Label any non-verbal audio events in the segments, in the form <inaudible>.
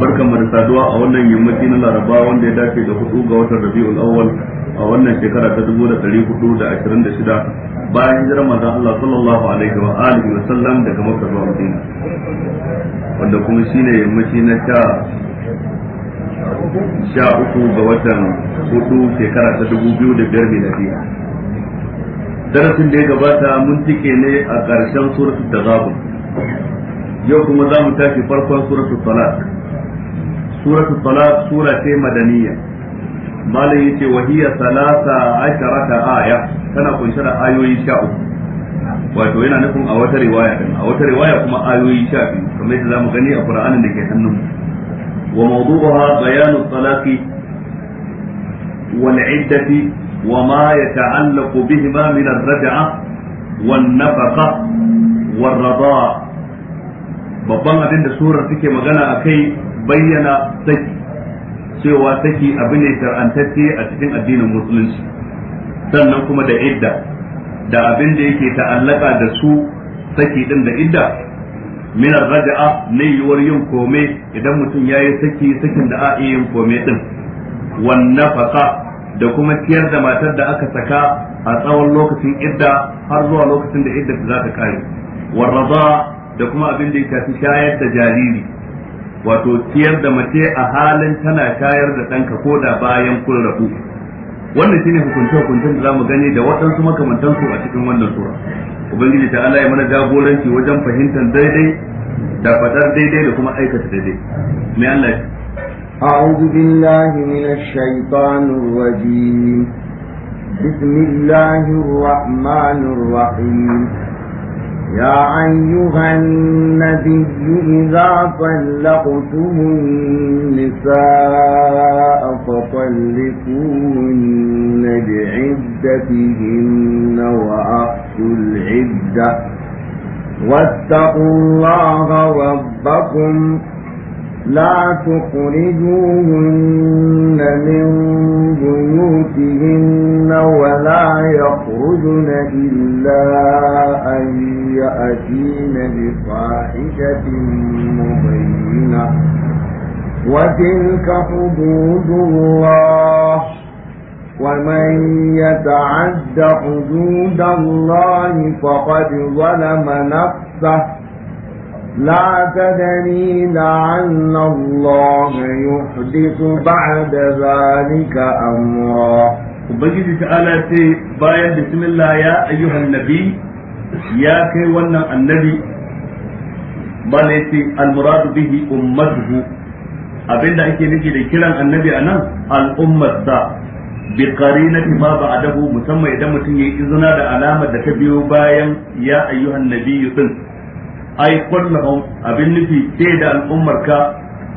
barkan mu da saduwa a wannan yammaci na Laraba wanda ya dace da hudu ga watan Rabiul Awwal a wannan shekara ta 1426 bayan hijirar manzon Allah sallallahu alaihi wa alihi wa sallam daga Makka zuwa Madina wanda kuma shine yammaci na sha sha uku ga watan hudu shekara ta 2005 miladiya darasin da ya gabata mun tike ne a ƙarshen suratul tazabun yau kuma za mu tafi farkon suratul talaq suratu talaq sura ce madaniya malami yace wa hiya salasa asharata aya tana kunshe da ayoyi wato yana nufin a wata riwaya din a wata riwaya kuma ayoyi sha biyu kamar yadda zamu gani a Qur'anin da ke hannun wa mawdu'uha bayanu talaqi wal iddati wa ma yata'allaqu wan babban abin da surar take magana akai bayyana saki cewa saki abu ne tarantacce a cikin addinin musulunci sannan kuma da idda da abin da yake ta'allaka da su saki din da idda min raja'a ne yiwuwar yin kome idan mutum yayi saki sakin da a yin kome din wan nafaka da kuma ciyar da matar da aka saka a tsawon lokacin idda har zuwa lokacin da idda za ta kare Warraba da kuma abin da ya shayar da jariri wato ciyar da mace a halin tana shayar da ɗanka ko da bayan kun rabu wannan shine hukunce hukuncen da zamu gani da waɗansu su a cikin wannan sura ubangiji ta Allah ya mana jagoranci wajen fahimtar daidai da fadar daidai da kuma aikata daidai mai Allah أعوذ بالله من الشيطان الرجيم بسم الله الرحمن الرحيم يا أيها النبي إذا طلقتم النساء فطلقوهن بعدتهن وأحسوا العدة واتقوا الله ربكم لا تخرجوهن من بيوتهن ولا يخرجن إلا أن يأتين بفاحشة مبينة وتلك حدود الله ومن يتعد حدود الله فقد ظلم نفسه لا تدري لعل الله يحدث بعد ذلك أمرا Ubangiji ta'ala ce bayan bismillah ya ayyuhan nabi ya kai wannan annabi bala yace almuradu bihi ummatuhu abinda ake nufi da kiran annabi anan al'ummarsa bi qarinati ma ba'dahu musamman idan mutum yayi izina da alamar da ta biyo bayan ya ayyuhan nabiyyu din ai kullahum abin nufi sai da al'ummar ka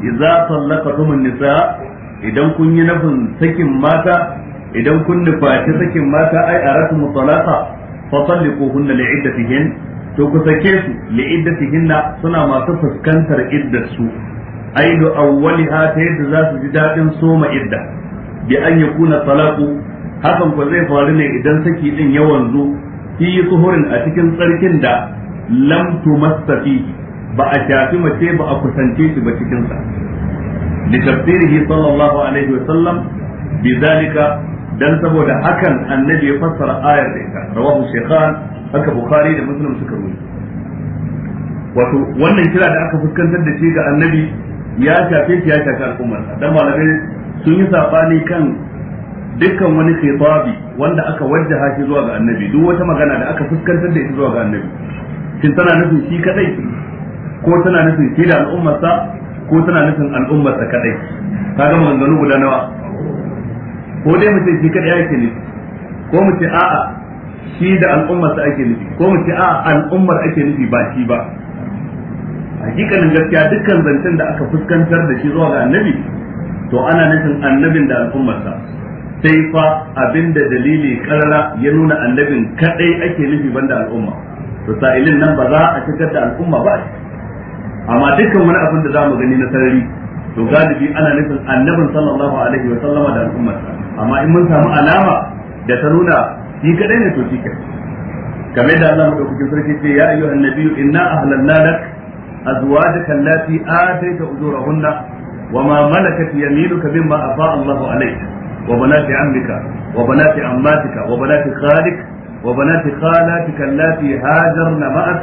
idza sallaqatumun nisa idan kun yi nafin sakin mata idan kun nufaci sakin mata ai aratu musalaha fa li iddatihin to ku sake su iddatihin suna masu fuskantar iddar su ai da awwaliha ta yadda za su ji dadin soma idda bi an yakuna talaqu hakan ko zai faru ne idan saki din ya wanzu fi tsuhurin a cikin tsarkin da lam tumassa fihi ba a shafi mace ba a kusance shi ba cikin sa li tafsirihi sallallahu alaihi wa sallam bidalika dan saboda hakan annabi ya fassara ayar da ita rawahu shaykhan haka bukhari da muslim suka rubuta wato wannan kira da aka fuskantar da shi ga annabi ya shafe shi ya shafi al'ummar dan malamai sun yi sabani kan dukkan wani khitabi wanda aka wajjaha shi zuwa ga annabi duk wata magana da aka fuskantar da ita zuwa ga annabi shin tana nufin shi kadai ko tana nufin shi da al'ummarsa ko tana nufin al'ummarsa kadai ka ga maganganu guda nawa ko dai mutum shi kadai ake nufi ko mu ce a'a shi da al'ummarsa ake nufi ko mu ce a'a al'ummar ake nufi ba shi ba hakikanin gaskiya dukkan zancen da aka fuskantar da shi zuwa ga annabi to ana nufin annabin da al'ummarsa sai fa abinda dalili karara ya nuna annabin kadai ake nufi banda al'umma rasailin nan ba za a cikar da al'umma ba amma dukkan wani abin da za mu gani na sarari to galibi ana nufin annabin sallallahu alaihi wa sallama da al'ummar amma in mun samu alama da ta nuna shi kadai ne to shi kamar da Allah madaukakin sarki ce ya ayyuhan nabiyyu inna ahlanna lak azwajaka allati ataita ujurahunna وما ملكت يمينك مما أفاء الله عليك وبنات عمك وبنات عماتك وبنات خالك وبنات خالاتك اللاتي هاجرن معك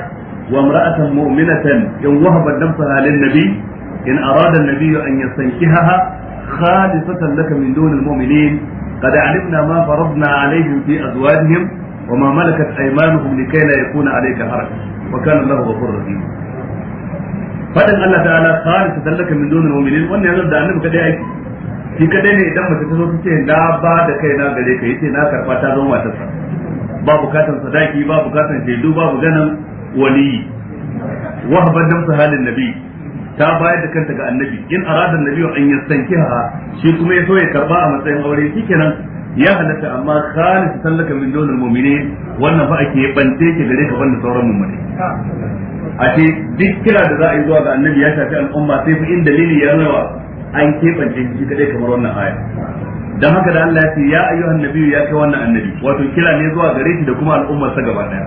وامرأة مؤمنة إن وهبت نفسها للنبي إن أراد النبي أن يستنكهها خالصة لك من دون المؤمنين قد علمنا ما فرضنا عليهم في أزواجهم وما ملكت أيمانهم لكي لا يكون عليك حرج وكان الله غفور رحيم فإن الله تعالى خالصة لك من دون المؤمنين وأن يغلب أنك كده أيكي shi kadai ne idan mace ta zo ta ce na ba da kaina gare ka yace na karba ta zo matarsa ba bukatan sadaki ba bukatan shaidu ba ganin waliyi da su halin nabi ta bayar da kanta ga annabi in arada nabi an ha shi kuma ya so ya karba a matsayin aure kenan ya halatta amma khalis sallaka min dunul mu'minin wannan fa ake bante ki gare ka banda sauran mu'mini a ce duk kira da za a yi zuwa ga annabi ya shafi al'umma sai fa in dalili ya nawa an keɓance shi kadai kamar wannan aya dan haka da Allah ya ce ya ayyuhan annabi ya kai wannan annabi wato kira ne zuwa gare shi da kuma al'ummar sa gaba daya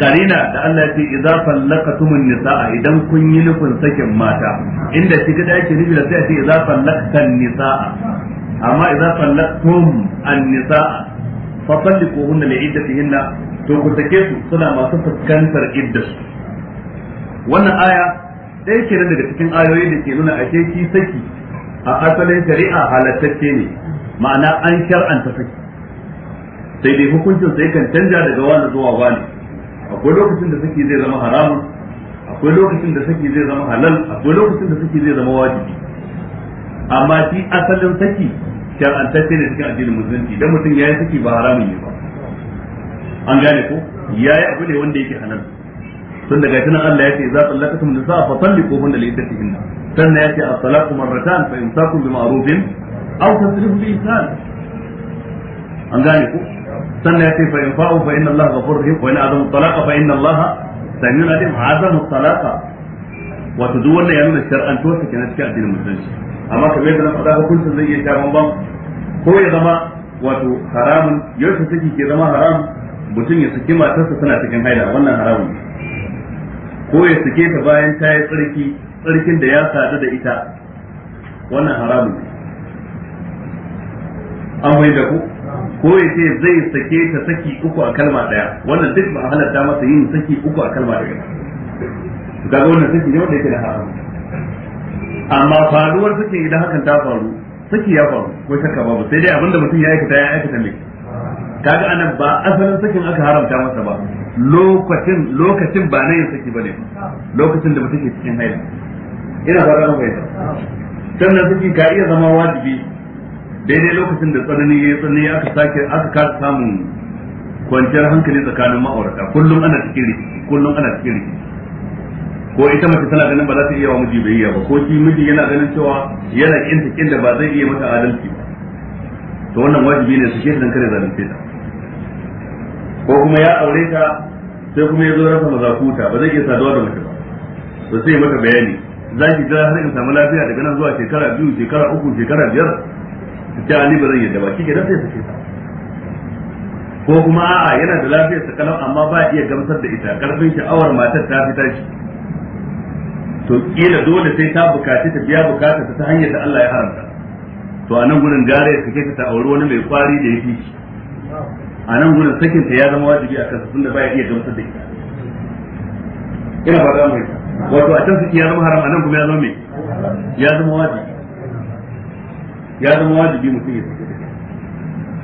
karina da Allah ya ce idza fallaqatumun nisaa idan kun yi nufin sakin mata inda shi kada yake nufi da sai ce idza fallaqtan nisaa amma idza fallaqtum an-nisaa fa talliquhunna li iddatihinna to ku take su suna masu fuskantar iddasu wannan aya ɗaya kenan daga cikin ayoyi da ke nuna ashe ki saki a asalin shari'a halattacce ne ma'ana an shar'anta saki sai dai hukuncin sai kan canja daga wani zuwa wani akwai lokacin da saki zai zama haramun akwai lokacin da saki zai zama halal akwai lokacin da saki zai zama wajibi amma shi asalin saki shar'antacce ne cikin addinin musulunci dan mutum yayi saki ba haramun ne ba an gane ko yayi abu ne wanda yake halal tun daga tunan Allah ya ce za a sallakatum nisa fa salliqu hun da liddatihin sannan ya ce as-salatu marratan fa imsakun bi ma'rufin aw tasrifu bi ihsan an gane ku sannan ya ce fa in fa'u fa inna Allah ghafurur rahim wa in adamu talaqa fa inna Allah samiun alim azamu talaqa wato duk wannan ya nuna shar'antuwa ta kenan cikin addinin musulunci amma kamar yadda na faɗa hukuncin zai iya sha bambam ko ya zama wato haramun yau take ke zama haram mutum ya saki matarsa tana cikin haila wannan haramun ko ya sake ta bayan ta yi tsarki tsarkin da ya sadu da ita wannan haramun an bai da ku ko ya ce zai sake ta saki uku a kalma daya wannan duk ba halatta masa yin saki uku a kalma daya kaga wannan saki ne wanda yake da haramun amma faruwar saki idan hakan ta faru saki ya faru ko shakka babu sai dai abinda mutum ya aikata ya aikata ne kaga anan ba asalin sakin aka haramta masa ba lokacin lokacin ba na yin saki bane lokacin da mutum ke cikin haila ina fara nan bai sannan saki ka iya zama wajibi daidai lokacin da tsanani ya tsanani aka sake aka kasa samun kwanciyar hankali tsakanin ma'aurata kullum ana cikin rikici kullum ana cikin rikici ko ita mace tana ganin ba za ta iya wa miji bayyana ba ko shi miji yana ganin cewa yana cikin da ba zai iya mata adalci ba to wannan wajibi ne su ke dan kare zalunci ta ko kuma ya aure ta sai kuma ya zo rasa mazakuta ba zai iya saduwa da mace ba to sai mata bayani za ki jira har in samu lafiya daga nan zuwa shekara biyu shekara uku shekara biyar ta ali ba zai yadda ba kike da sai sake ta ko kuma a'a yana da lafiyar ta kalau amma ba iya gamsar da ita karfin sha'awar matar ta fita shi to kila dole sai ta bukaci ta biya bukata ta hanyar da Allah ya haramta to a nan gurin gare ka kai ta auri wani mai kwari da yafi shi a nan gudun sakin ta ya zama wajibi a kansa tunda baya iya gamsar da ita ina ba za mu wato a can saki ya zama haram a nan kuma ya zama me ya zama wajibi ya zama wajibi mutum ya saki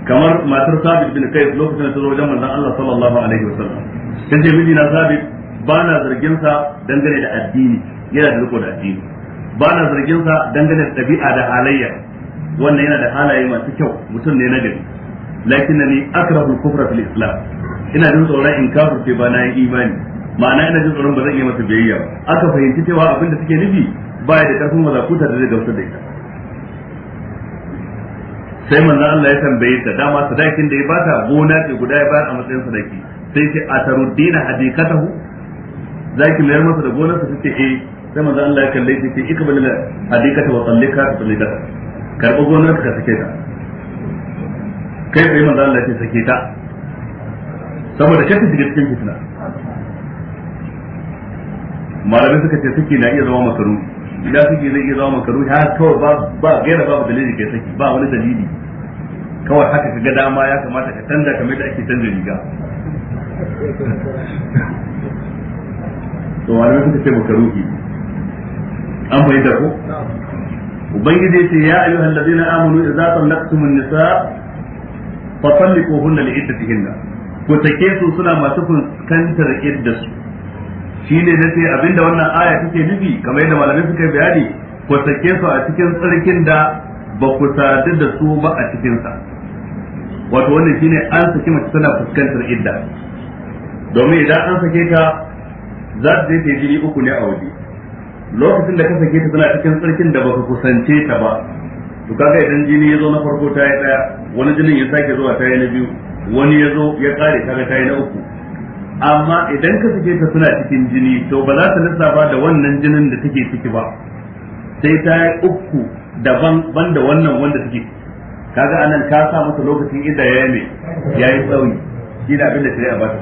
kamar matar sabit bin kai lokacin da ta zo wajen manzon Allah sallallahu alaihi wasallam ta ce miji na sabit ba na zargin sa dangane da addini yana da riko da addini ba na zargin sa dangane da dabi'a da halayya wannan yana da halaye masu kyau mutum ne na gari lakinnani akrahu al-kufra fil islam ina jin tsoron in ce ba na yi imani ma'ana ina jin tsoron ba zan yi masa biyayya ba aka fahimci cewa abin da suke nufi ba ya da karfin mazakuta da zai gamsar da ita sai manzon Allah ya tambaye ta dama sadakin da ya bata gona ce guda ya bayar a matsayin sadaki sai ce a taruddina hadikatahu zaki mayar masa da gonar sa take eh sai manzon Allah ya kalle ta ce ikbal hadikata wa sallika sallika karba gonar ka take ta kai tsaye manzo Allah ya sake ta saboda kace shiga cikin fitna Malamin suka ce saki na iya zama makaru idan suke zai iya zama makaru har kawai ba ba gaira babu dalili kai saki ba wani dalili kawai haka kaga dama ya kamata ka canza kamar da ake canza riga to wani suka ce ki an fahimta ko ubangiji ce ya ayyuhal ladina amanu idza tallaqtumun nisaa fa hunna li iddatihinna ku take su suna masu fuskantar iddasu shine sai abinda wannan aya take nufi kamar yadda malamai suka bayani ko take su a cikin tsarkin da ba ku sadu da su ba a cikin sa wato wannan shine an saki mace tana fuskantar idda domin idan an sake ta za ta je ta jini uku ne a waje lokacin da ka sake ta tana cikin tsarkin da ku kusance ta ba to kaga idan jini ya zo na farko ta yi daya wani jinin ya sake zuwa ta yi na biyu wani ya zo ya kare kaga ta yi na uku amma idan ka suke ta suna cikin jini to ba za ta lissafa da wannan jinin da take ciki ba sai ta yi uku daban ban da wannan wanda take kaga anan ka sa masa lokacin idan ya yi ya yi tsauni shi da abin da a ba ta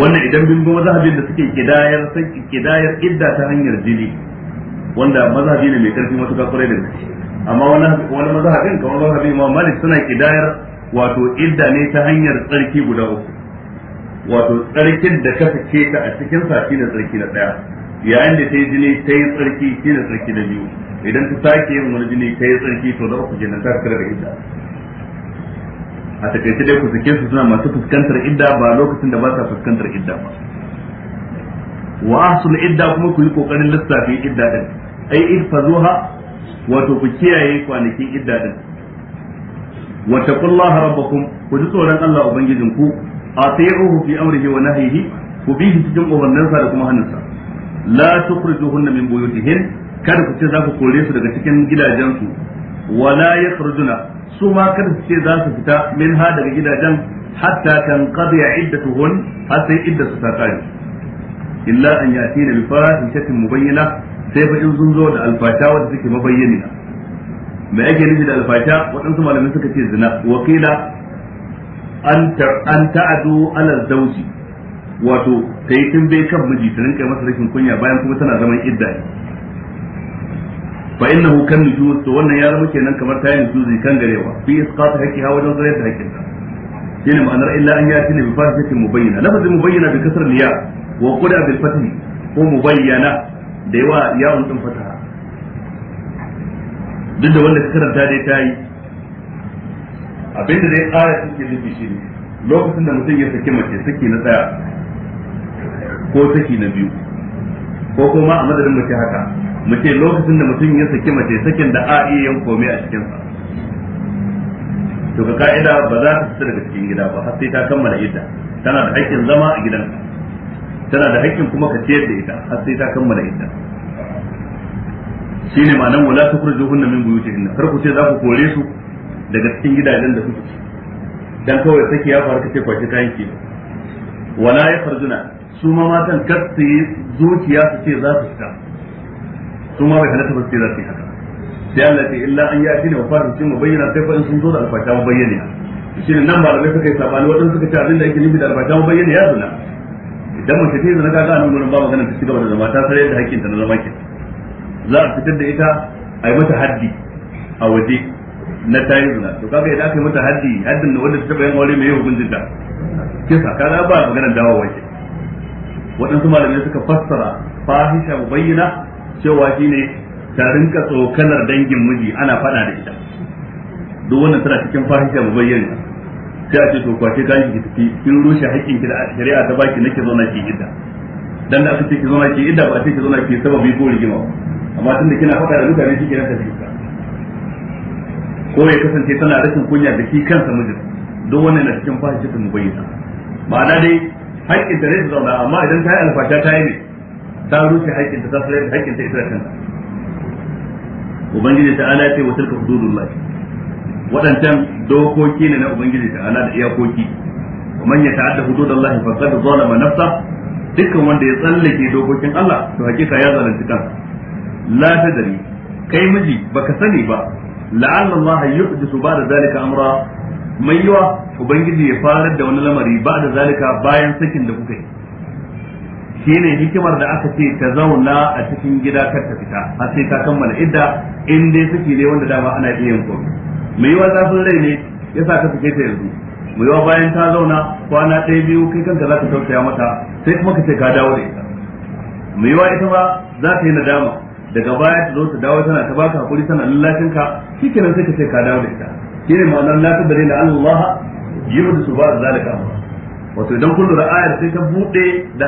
wannan idan bin mazhabin da suke kidayar sai kidayar idda ta hanyar jini wanda mazhabi ne mai karfi matuƙa kwarai da gaske amma wani mazhabin kamar mazhabin Imam Malik suna kidayar wato idda ne ta hanyar tsarki guda uku wato tsarkin da ka fice ta a cikin sa shine tsarki na daya yayin da ta yi jini ta yi tsarki shine tsarki na biyu idan ta sake yin wani jini ta yi tsarki to na uku kenan ta kira da idda a takaice dai ku sake su suna masu fuskantar idda ba lokacin da ba sa fuskantar idda ba wa asul idda kuma ku yi kokarin lissafi idda din ai ihfazuha wato ku kiyaye kwanakin idda din wa taqullaha rabbakum ku ji tsoron Allah ubangijin ku ati'uhu fi amrihi wa nahyihi ku bi shi cikin umarninsa da kuma hannunsa la tukhrijuhunna min buyutihin kada ku ce za ku kore su daga cikin gidajensu wala yakhrujuna su ma kada su ce za su fita min ha daga gidajen hatta tanqadiya iddatuhun har sai iddatu ta kare illa an yatina bi mu bayyana. sai fa in sun zo da alfata wanda suke mabayyana mai ake nufi da alfata, waɗansu malamai suka ce zina wakila an ta'adu ala zauji wato ta yi tun bai kan miji ta rinka masa rashin kunya bayan kuma tana zaman idda fa innahu kan nujus to wannan ya zama kenan kamar tayin zai kan garewa fi isqat ha wajen zarar da haƙƙinta shine ma'anar illa an yati ne bi fasikin mubayyana lafazin mubayyana bi kasar liya wa qura bil fathi ko mubayyana da yawa yawon din fataha duk da wanda ka karanta dai ta yi abinda dai aya suke nufi shi ne lokacin da mutum ya saki mace saki na tsaya ko saki na biyu ko kuma a madadin mace haka mace lokacin da mutum ya saki mace sakin da a iya yan kome a cikinsa to ka ka'ida ba za ta fita daga cikin gida ba har sai ta kammala idda tana da aikin zama a gidanka tana da hakkin kuma ka ciyar da ita har sai ta kammala ita. shi ne ma'anan wala hunna min buyutihinna kar ku ce za ku kore su daga cikin gidajen da kuke dan kawai saki ya faru kace kwace kayan ki wala ya farjuna su ma matan kar su yi zuciya su ce za su fita su ma bai halatta ba su ce za su yi haka sai Allah ce illa an ya ne wa farin sun bayyana sai fa in sun zo da alfata mabayyana bayyana ne nan ba da suka yi sabani wadanda suka ce abin da yake nufi da alfata mabayyana bayyana ya zuna dan mace ta zina kaga nan gurin ba magana ta cigaba da zama ta sare da hakkin ta na zama ke za a fitar da ita a yi mata haddi a waje na ta yi to kaga idan aka yi mata haddi haddin da wanda ta taba yin aure mai hukuncin ta kisa kaga ba magana dawowa ke waɗansu malamai suka fassara fahisha mubayyana cewa shine ta rinka tsokanar dangin miji ana faɗa da ita duk wannan tana cikin fahisha mubayyana sai a ce to kwace ka yi tafi kin rushe haƙƙin ki da shari'a ta baki nake zauna ki idda dan da aka ce ki zauna ki idda ba ce ki zauna ki sababi ko rigima amma tunda kina faɗa da mutane shi kenan tafi ko ya kasance tana rashin kunya da shi kansa mijin don wannan na cikin fahishatul mubayyana ma'ana dai haƙƙin ta rai ta zauna amma idan ta yi alfasha ta yi ne ta rushe haƙƙin ta ta haƙƙin ta ita da kanta ubangiji ta ala ce wa tilka hududullahi waɗancan dokoki ne na ubangiji ta ala da iyakoki man ya ta'adda fa faqad zalama nafsa dukkan wanda ya tsallake dokokin Allah to hakika ya zalunci kan la tadri kai miji baka sani ba la'alla Allah yuhdisu ba'da zalika amra mai yiwa ubangiji ya farar da wani lamari ba da zalika bayan sakin da kuka yi shine hikimar da aka ce ta zauna a cikin gida kar ta fita har sai ta kammala idda in dai saki ne wanda dama ana iya yin mai yiwa zafin rai ne ya sa ka fice ta yanzu mai yiwa bayan ta zauna kwana ɗaya biyu kai kanka za ka tausaya mata sai kuma ka ce ka dawo da ita mai yiwa ita ba za ta yi nadama daga baya ta zo ta dawo tana ta baka hakuri tana lallashin ka shikenan sai ka ce ka dawo da ita shine ma'anar la tabari da Allah ba ba'd zalika amra wato idan kullu ra'ayar sai ta bude da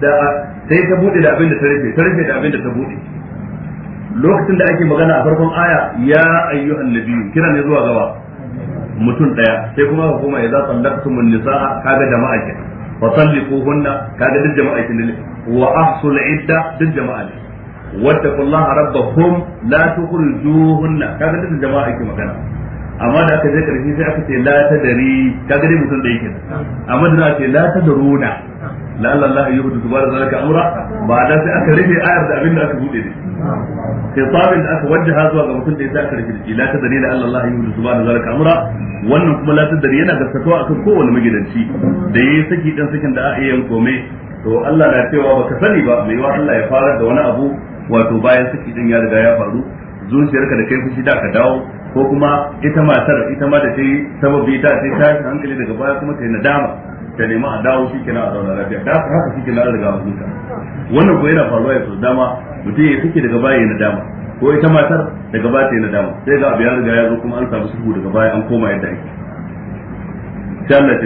da sai ta bude da abin da ta rufe ta rufe da abin da ta bude lokacin da ake magana a farkon aya ya ayyuhan nabiyyu kira ne zuwa gaba mutum daya sai kuma ka koma idza sallaktumun nisaa kaga jama'a ke fa sallikuhunna kaga duk jama'a ke wa ahsul idda duk jama'a ne wattaqullaha rabbakum la tukhrijuhunna kaga duk jama'a ke magana amma da aka je karshe sai aka ce la tadari kaga dai mutum da yake amma da aka ce la tadruna la alla Allah yuhdithu ba'da zalika amura ba da sai aka rufe ayar da abin da aka bude ne khitabin da aka wajjaha zuwa ga mutum da ya aka rufe shi la tadri la alla Allah yuhdithu ba'da zalika amura wannan kuma la tadri yana gaskatawa akan kowane magidanci da yayi saki dan sakin da a iya yin komai to Allah na cewa baka sani ba mai wa Allah ya fara da wani abu wato bayan saki din ya riga ya faru zuciyarka da kai fushi da ka dawo ko kuma ita matar ita ma da ta yi sababi ta ta tashi hankali daga baya kuma ta yi nadama ta nema a dawo shi kenan a zauna lafiya da haka haka shi kenan an riga an wannan ko yana faruwa ya sau dama mutum ya suke daga baya ya dama ko ita matar daga baya ta yi dama sai ga abu ya riga ya zo kuma an samu sulhu daga baya an koma yadda ake sai Allah ta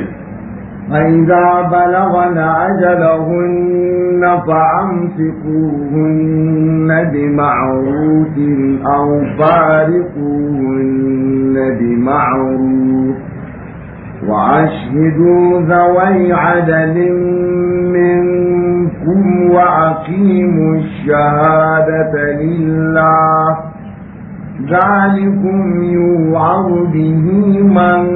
فإذا بلغن أجلهن فأمسكوهن بمعروف أو فارقوهن بمعروف وأشهدوا ذوي عدد منكم وأقيموا الشهادة لله ذلكم يوعظ به من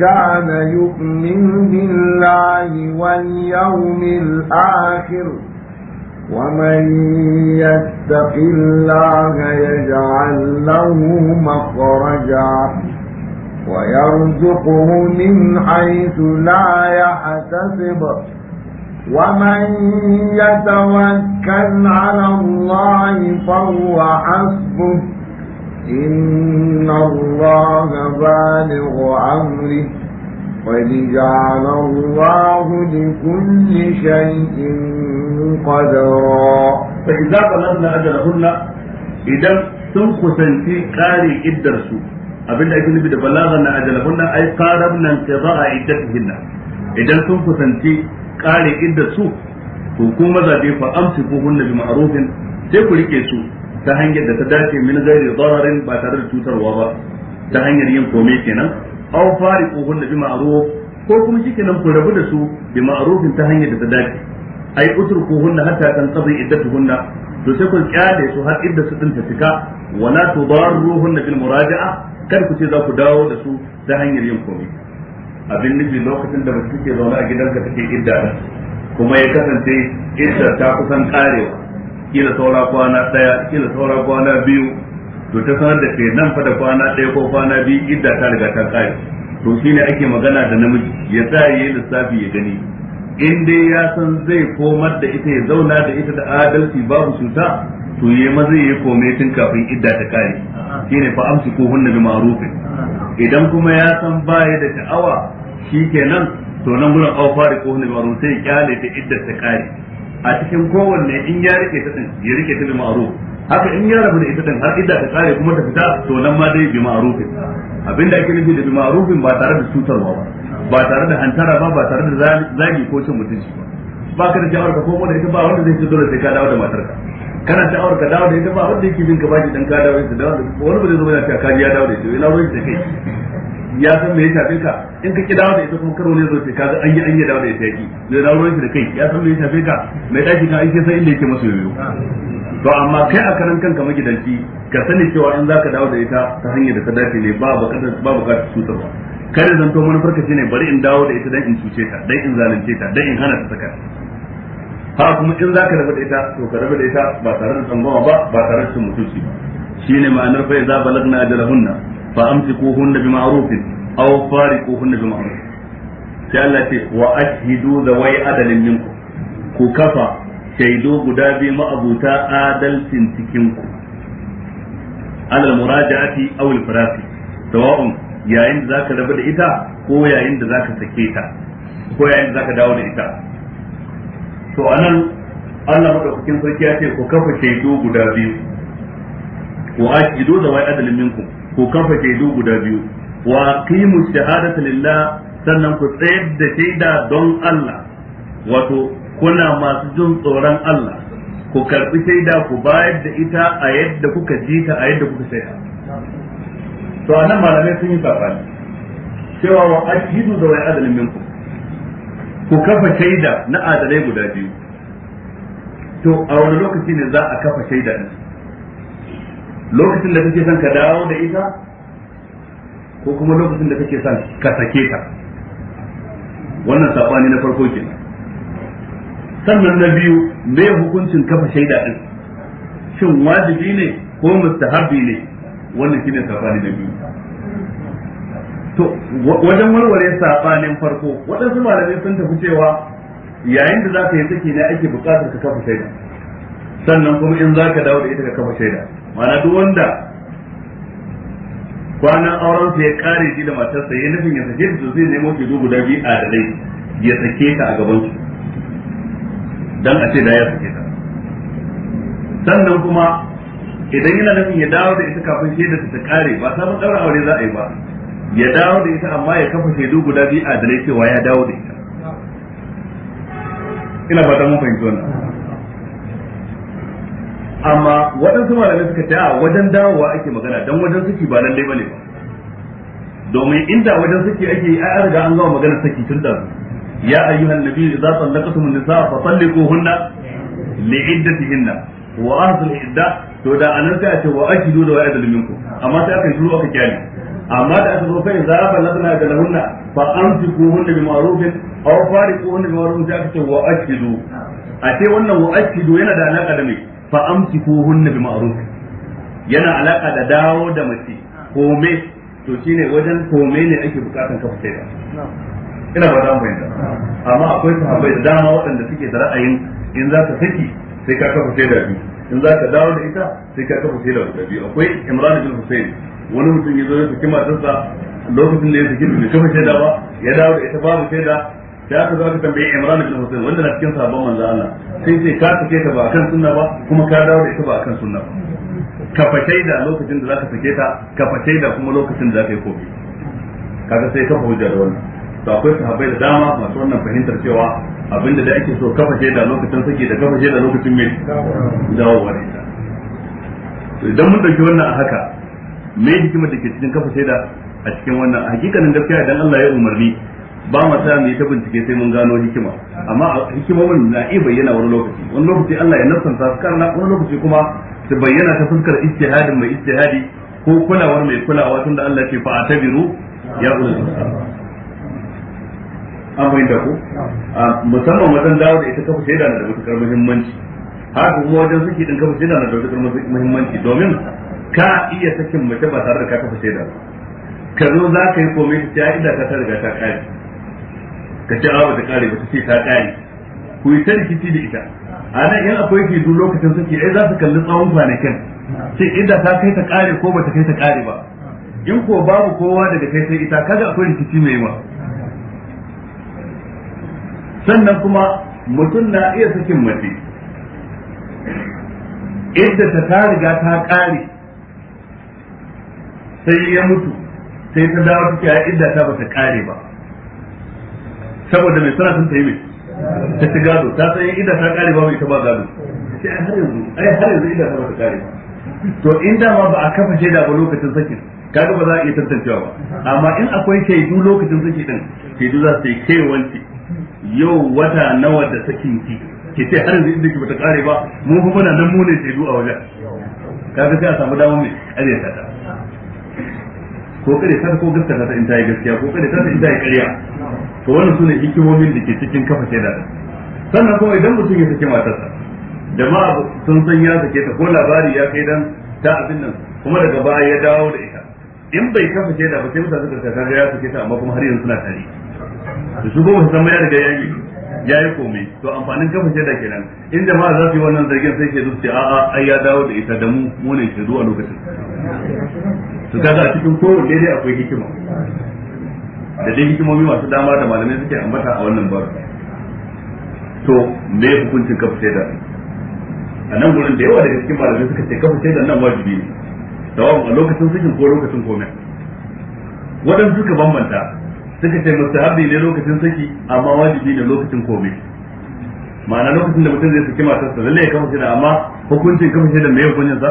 كان يؤمن بالله واليوم الآخر ومن يتق الله يجعل له مخرجا ويرزقه من حيث لا يحتسب ومن يتوكل على الله فهو حسبه إن الله بالغ أمره قد جعل الله لكل شيء قدرا فإذا بلغنا أجلهن إذا sun kusanci ƙari الدرس abinda ake nufi da balagha na nan ay qarabna a iddatihinna idan sun kusanci kare idda su to ku mazaje fa amsikuhunna bi ma'rufin sai ku rike su ta hanyar da ta dace min gairi dararin ba tare da cutarwa ba ta hanyar yin kome kenan aw fariquhunna bi ma'ruf ko kuma shikenan ku rabu da su bi ma'rufin ta hanyar da ta dace ai utrukuhunna hatta tanqadi iddatuhunna to sai ku kyale su har idda su din ta cika wala tudarruhunna bil muraja'a kar ku ce za ku dawo da su ta hanyar yin komai abin nufi lokacin da mutum ke zaune a gidanka take idda kuma ya kasance idda ta kusan karewa kila saura kwana daya kila saura kwana biyu to ta sanar da ke nan fa da kwana daya ko kwana biyu idda ta riga ta kare to shine ake magana da namiji ya sa yayi lissafi ya gani in dai ya san zai komar da ita ya zauna da ita da adalci babu cuta to yi maza ya kome tun kafin idda ta kare ne fa amsi ko hunna bi ma'rufin idan kuma ya san baya da shi kenan to nan gurin au fari ko hunna bi ma'ruf sai kyale ta idda ta kare a cikin kowanne in ya rike ta din ya rike ta bi ma'ruf haka in ya rabu da ita din har idda ta kare kuma ta fita to nan ma dai bi ma'rufin abinda ake nufi da bi ma'rufin ba tare da cutarwa ba ba tare da hantara ba ba tare da zagi ko cin mutunci ba ba ka da jawar ka ko da ita ba wanda zai ci dole sai ka dawo da matarka kana da aure ka dawo da ita ba wanda yake bin ka baki dan ka dawo da dawo wani ba zai zo yana cewa ka ya dawo da ita ina ruwan da kai ya san me ya shafe ka in ka ki dawo da ita kuma karo ne zo ka ga an yi an yi dawo da ita yaki zai dawo ruwan da kai ya san me ya shafe ka mai daki ka aike sai inda yake masa yoyo to amma kai a karan kanka magidanci ka sani cewa in zaka dawo da ita ta hanyar da ta dace ne ba bukatar ba bukatar cutarwa kada zanto manufarka shine bari in dawo da ita dan in cuce ta dan in zalunce ta dan in hana ta saka ha kuma in za ka rabu da ita to ka rabu da ita ba tare da tsangwama ba ba tare da mutunci ba shine ma'anar fa idza balagna ajalahunna fa amsikuhunna bi maarufin, aw fariquhunna bi ma'ruf sai Allah ce wa ashhidu wai adalin yinku ku kafa shaidu guda biyu ma'abuta adalcin cikin ku alal muraja'ati aw al firaqi sawa'un yayin da za ka rabu da ita ko yayin da za ka sake ta ko yayin da za ka dawo da ita to anan Allah madaukakin sarki ya ce ku kafa shaidu guda biyu Ku ajidu da wai adalin minkum ku kafa shaidu guda biyu wa qimu shahadata lillah sannan ku tsayar da shaida don Allah wato kuna masu jin tsoron Allah ku karbi shaida ku bayar da ita a yadda kuka ji ta a yadda kuka shaida to anan malamai sun yi safani cewa wa ajidu da wai adalin minkum ku kafa shaida na adalai guda biyu to a wani lokaci ne za a kafa shaida ne lokacin da kake son ka dawo da ita ko kuma lokacin da kake son ka sake ta wannan sabani na farko ke sannan na biyu me hukuncin kafa shaida din shin wajibi ne ko mustahabi ne wannan shine sabani na biyu to wajen warware sabanin farko waɗansu malamai sun tafi cewa yayin da zaka yi saki ne ake buƙatar ka kafa shaida sannan kuma in zaka dawo da ita ka kafa shaida ma'ana duk wanda kwanan auren ya kare ji da matarsa ya nufin ya sake ta zai nemo shaidu guda biyu a dalai ya sake ta a gaban su dan a ce da ya sake ta sannan kuma idan yana nufin ya dawo da ita kafin shaida ta kare ba sabon ɗaura aure za a yi ba ya dawo da ita amma ya kafa shaidu guda biyu a dare cewa ya dawo da ita ina fata mun fahimci wannan amma waɗansu malamai suka ce a wajen dawowa ake magana don wajen saki ba lallai bane ba domin inda wajen saki ake yi an riga an gama magana saki tun da ya ayyuhan nabiyyu idza tallaqtum an-nisaa fa talliquhunna li'iddatihinna wa ahdul idda to da anan sai a ce wa akidu da wa'idul minkum amma sai aka yi shiru aka kyale amma da aka zo kai za ba lazna da lahunna fa amsikuhunna bi ma'rufin aw fariquhunna bi ma'ruf da kace wa akidu a ce wannan wa akidu yana da alaka da me fa amsikuhunna bi ma'ruf yana alaka da dawo da mace kome to shine wajen kome ne ake bukatan ka fita ina ba za mu fahimta amma akwai sahabbai da dama waɗanda suke da ra'ayin in za ka saki sai ka kafa sai da biyu in za ka dawo da ita sai ka kafa sai da biyu akwai imran bin husayn wani mutum ya zo ya saki matarsa lokacin da ya saki da kuma shaida ba ya dawo da ita babu shaida da aka zo aka tambaye Imran ibn Hussein wanda na cikin sabon manzo Allah sai sai ka sake ta ba akan sunna ba kuma ka dawo da ita ba akan sunna ba ka fakai da lokacin da zaka sake ta ka fakai da kuma lokacin da zaka yi kofi kaga sai ka fahimta da wannan to akwai sahabbai da dama masu wannan fahimtar cewa abinda da ake so kafa da lokacin sake da kafa da lokacin mai dawowa da ita idan mun dauki wannan a haka me hikimar da ke cikin kafa shaida a cikin wannan hakikanin gaskiya idan Allah ya umarni ba mu sa mu yi ta bincike sai mun gano hikima amma hikimomin na iya bayyana wani lokaci wani lokaci Allah ya nassanta kar na wani lokaci kuma ta bayyana ta fuskar ijtihadin mai ijtihadi ko kulawar mai kulawa tunda Allah ce fa atabiru ya ulul an fahimta ko musamman wajen dawo da ita kafa shaida na da matukar muhimmanci haka kuma wajen suke din kafa shaida na da matukar muhimmanci domin ka iya sakin mace ba tare da ka kafa shaida ba ka zo za ka yi komai ta ya inda ka ta riga ta kare ka ce ba ta kare ba ta ce ta kare ku yi ta rikici da ita a nan in akwai ke duk lokacin saki ai za su kalli tsawon kwanakin ce inda ta kai ta kare ko ba ta kai ta kare ba in ko babu kowa daga kai sai ita kaga akwai rikici mai yawa sannan kuma mutum na iya sakin mace idda ta ta riga ta kare sai ya mutu sai ta dawo ta ya idda ta bata kare ba saboda mai sana sun tayi ta ci gado ta san idda ta kare ba mai ta ba gado sai a har yanzu ai har yanzu idda ta bata kare ba to in dama ba a kafa shaida ba lokacin sakin kaga ba za a iya tantancewa ba amma in akwai shaidu lokacin saki din shaidu za su yi kewanci yau wata nawa da sakin ki ki ce har yanzu inda ki bata kare ba mu kuma nan mu ne shaidu a wajen kaga sai a samu damar mai ajiyar ta ko kare ta ko gaskata ta in ta yi gaskiya ko kare ta ta in ta yi ƙarya to wannan sune hikimomin da ke cikin kafa shaida sannan kuma idan mutum ya saki matarsa da ma sun san ya sake ta ko labari ya kai dan ta abin nan kuma daga baya ya dawo da ita in bai kafa shaida ba sai mutane suka ta ga ya sake ta amma kuma har yanzu suna tare to su goma san ya riga ya yi ya yi komai to amfanin kafa shaida kenan in jama'a za su yi wannan zargin sai ke zuci a'a ai ya dawo da ita da mu mu ne shaidu a lokacin to kaga a cikin kowanne daidai akwai hikima da dai hikimomi masu dama da malamai suke ambata a wannan bar to me hukuncin kafa sai da a nan gurin da yawa daga cikin malamai suka ce kafa sai da nan wajibi ne tawon a lokacin sukin ko lokacin komai waɗansu suka bambanta suka ce mustahabi ne lokacin saki amma wajibi ne lokacin komai ma'ana lokacin da mutum zai saki matarsa lalle ya kafa sai da amma hukuncin kafa sai da me hukuncin sa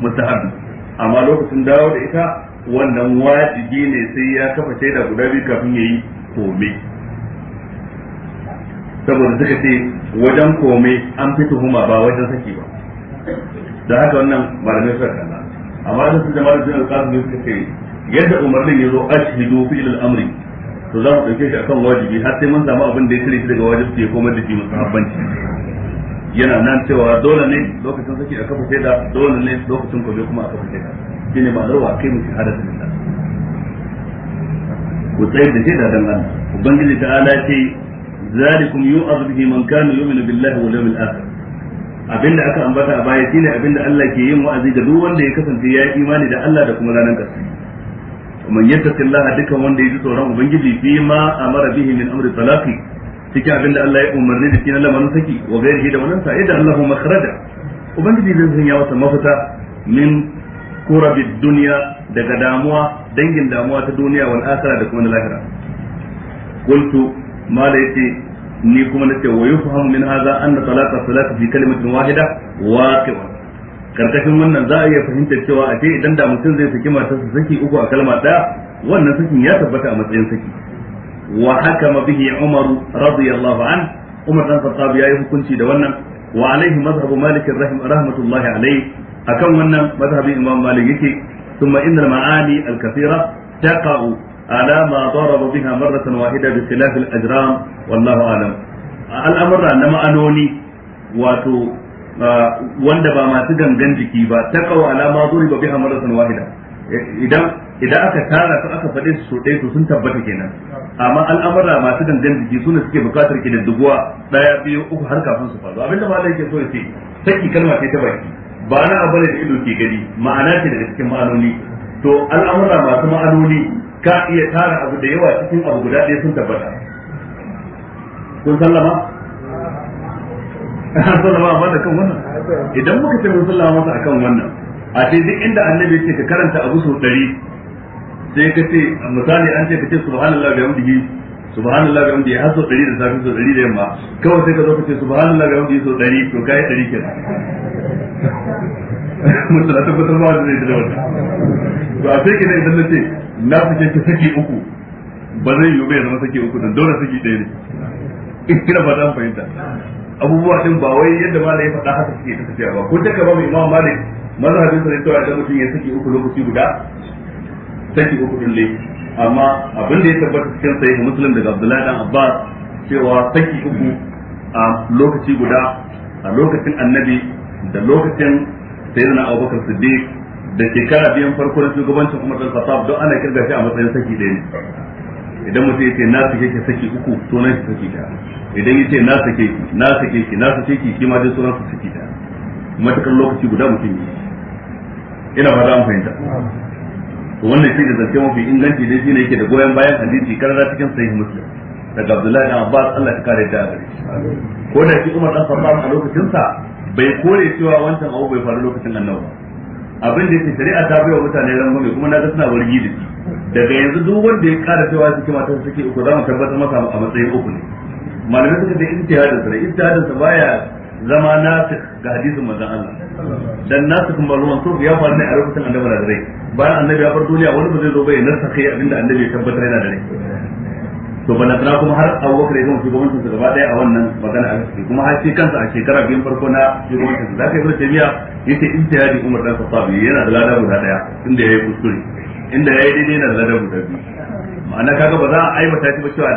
mustahabi amma lokacin dawo da ita wannan wajibi ne sai ya kafa shaida guda biyu kafin ya yi kome saboda suka ce wajen kome an fi tuhuma ba wajen saki ba da haka wannan malamai suka kalla amma da su jama'ar jin alƙasumi suka ce yadda umarnin ya zo ashhidu fi al-amri to za mu ɗauke shi akan wajibi har sai mun samu abin da ya cire shi daga wajibi ya komar da shi musahabbanci yana nan cewa dole ne lokacin saki a kafa shaida dole ne lokacin kwabe kuma a kafa shaida shine ma'anar wa kai mu shahada da Allah ku tsayar da shaida dan Allah ubangiji ta ala ce zalikum yu'adhu bihi man kana yu'minu billahi wal yawmil akhir abinda aka ambata a baya shine abinda Allah ke yin wa'azi da duk wanda ya kasance ya yi imani da Allah da kuma ranar ƙarshe man yattaqillaha dukan wanda ya ji tsoron ubangiji fi ma amara bihi min amri talaqi cikin abin da Allah ya umarni da shi na lamarin saki wa gairihi da wannan sa'i da Allahu makhraja ubangiji zai sanya masa mafita min kurabid dunya daga damuwa dangin damuwa ta duniya wal akhirah da kuma na lahira qultu ma la yati ni kuma nace wa yufhamu min hadha anna talaqa salati fi kalimatin wahida waqi'a karkashin wannan za a iya fahimtar cewa a ce idan da mutum zai saki matarsa saki uku a kalma daya wannan sakin ya tabbata a matsayin saki wa hakama bihi Umar radiyallahu an Umar dan ya yi hukunci da wannan wa alaihi mazhabu Malik rahmatullahi alaihi akan wannan mazhabi Imam Malik yake ثم إن المعاني الكثيرة تقع على ما ضرب بها مرة واحدة بخلاف الأجرام والله أعلم الأمر أن مأنوني واتو wanda ba masu gangan jiki ba ta kawo alama zuri ba biha idan idan aka tara su aka faɗe su ɗaya to sun tabbata kenan amma al'amura masu dangan jiki suna suke buƙatar dubuwa ɗaya biyu uku har kafin su faru abinda ma ke so ya ce saki kalma ce ta baki ba na abu da ido ke gani ma'ana ce daga cikin ma'anoni to al'amura masu ma'anoni ka iya tara abu da yawa cikin abu guda ɗaya sun tabbata kun sallama <laughs> sallama amma da kan wannan idan muka ce mun sallama masa akan wannan a ce duk inda annabi ce ka karanta abu sau ɗari sai ka ce misali an ce ka ce subhanallah bi hamdihi subhanallah bi hamdihi har so 100 da safi so 100 da yamma kawai sai ka zo ka ce subhanallah bi hamdihi so 100 to kai 100 kenan <laughs> mutum ta fitar ba zai da wata to a sai kenan idan ce na fice ki saki uku ba zai yi ba ya saki uku dole saki ɗaya ne in ba fahimta abubuwa din ba wai yadda ma ya faɗa haka suke tafiya ba ko take ba mu imam malik mazhabin sa ne to a mutum ya saki uku lokaci guda saki uku din ne amma abin da ya tabbata cikin sahih musulun daga abdullahi dan abbas cewa saki uku a lokaci guda a lokacin annabi da lokacin sayyidina abubakar siddiq da shekara biyan farko na shugabancin umar dan khattab don ana kirga shi a matsayin saki ɗaya ne idan mutum yace na sake ki saki uku to nan saki ta idan yace na sake ki na sake ki na sake ki kima dai sunan saki ta matakan lokaci guda mutum ne ina ba za mu fahimta wannan shi da zance mafi inganci dai shine yake da goyon bayan hadisi karara cikin sahih muslim daga Abdullahi bin Abbas Allah ya kare da gare ko da shi Umar dan Khattab a lokacin sa bai kore cewa wancan abu bai faru lokacin annabi abin da yake shari'a ta bai wa mutane rangwame kuma na ga suna wargi da shi daga yanzu duk wanda ya kara cewa shi mata suke uku za mu tabbatar masa a matsayin uku ne malamai suka ce ijtihadin sa ijtihadin sa baya zama nasikh ga hadisin manzon Allah dan nasikh ruwan so ya faru ne a lokacin annabi da rai bayan annabi ya bar duniya wani ba zai zo bai nasakhe abinda annabi ya tabbatar yana da rai to bana tana kuma har Abu Bakar ya zama shugabancin su gaba daya a wannan magana a ciki kuma har shi kansa a shekara biyun farko na shugabancin sa zaka yi ya ce in intihadi Umar dan Khattab yana da ladar guda daya inda ya yi kuskure inda ya yi daidai yana da ladan guda biyu ma'ana kaga ba za a aibata shi ba cewa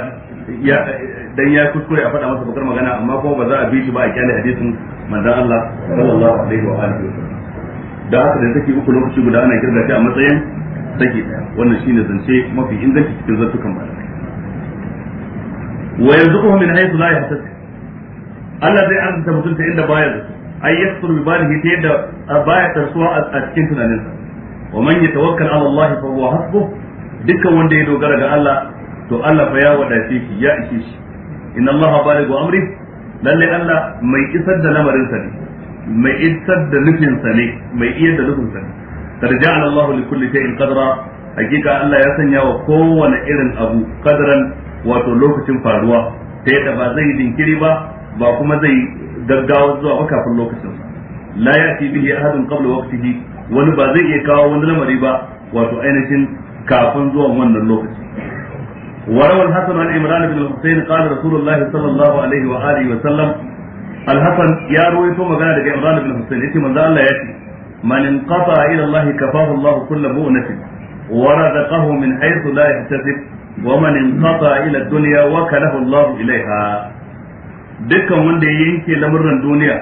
dan ya kuskure a faɗa masa bakar magana amma kuma ba za a bi shi ba a kyale hadisin manzon Allah sallallahu alaihi wa alihi da haka da take uku lokaci guda ana kirga ta a matsayin sake wannan shine zance mafi inganci cikin zartukan ba wa yanzuhu min haythu la yahtas Allah zai arzuta mutum mutunta inda baya zato ai yasru bi balihi ta yadda baya tarsuwa a cikin tunaninsa wa man yatawakkal ala Allah fa huwa hasbuh dukkan wanda ya dogara ga Allah to Allah fa ya wadace ki ya ishe shi inna Allah baligu amri lalle Allah mai isar da lamarin sa ne mai isar da nufin sa ne mai iya da nufin sa ne kad ja'ala Allah li kulli shay'in qadra hakika Allah ya sanya wa kowane irin abu qadran wato lokacin faruwa ta yadda ba zai dinkiri ba ba kuma zai gaggawa zuwa ba kafin lokacin la yati bihi ahadun qabla waqtihi wani ba zai iya kawo wani lamari ba wato ainihin kafin zuwan wannan lokacin. وروى الحسن عن عمران بن الحسين قال رسول الله صلى الله عليه وآله وسلم الحسن يا رويتو مغانا دقى عمران بن الحسين يتي من الله يأتي من انقطع إلى الله كفاه الله كل مؤنة ورزقه من حيث لا يحتسب ومن انقطع إلى الدنيا وكله الله إليها dukkan wanda ya yanke lamurran duniya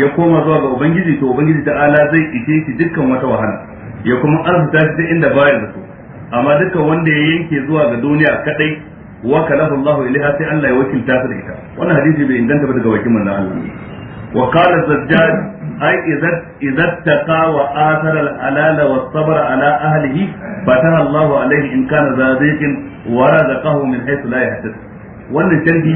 ya koma zuwa ga ubangiji to ubangiji ta'ala zai ishe shi dukkan wata wahala ya kuma arzuta shi inda baya da su amma duka wanda ya yanke zuwa ga duniya kadai wa kalahu Allahu ilaiha sai Allah ya wakilta ta da ita wannan hadisi bai inganta ba daga wakil manzon Allah wa qala zajjaj ai idza idza taqa wa athara al-halal wa sabra ala ahlihi fataha Allahu alaihi in kana zadiqin wa razaqahu min haythu la yahtasib wannan canji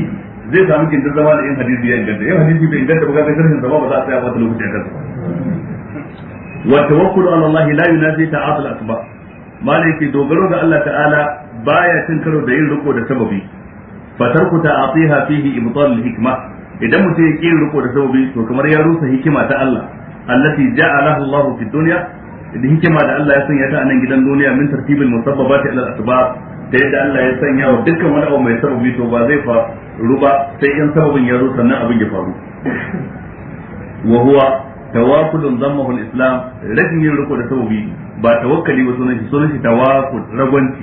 zai samu kintar zama da yin hadisi ya inganta yin hadisi bai inganta ba ga karshen zama ba za a tsaya ba ta lokacin kansa wa tawakkul ala Allah la yunazi ta'atul asbab malai ke dogaro ga Allah ta'ala baya cin karo da yin riko da sababi fatar tarkuta ta atiha fihi ibtal hikma idan mutum ya ƙi riko da sababi to kamar ya rusa hikima ta Allah allati ja'alahu Allah fi dunya da hikima da Allah ya sanya ta a nan gidan duniya min tartibil musabbabati ila asbab da yadda Allah ya sanya wa dukkan wani abu mai sababi to ba zai faru ba sai in sababin ya rusa nan abin ya faru wa huwa tawakudun zammahu al-islam yin riko da sababi ba tawakkali ba sunan shi sunan shi tawakkul ragwanci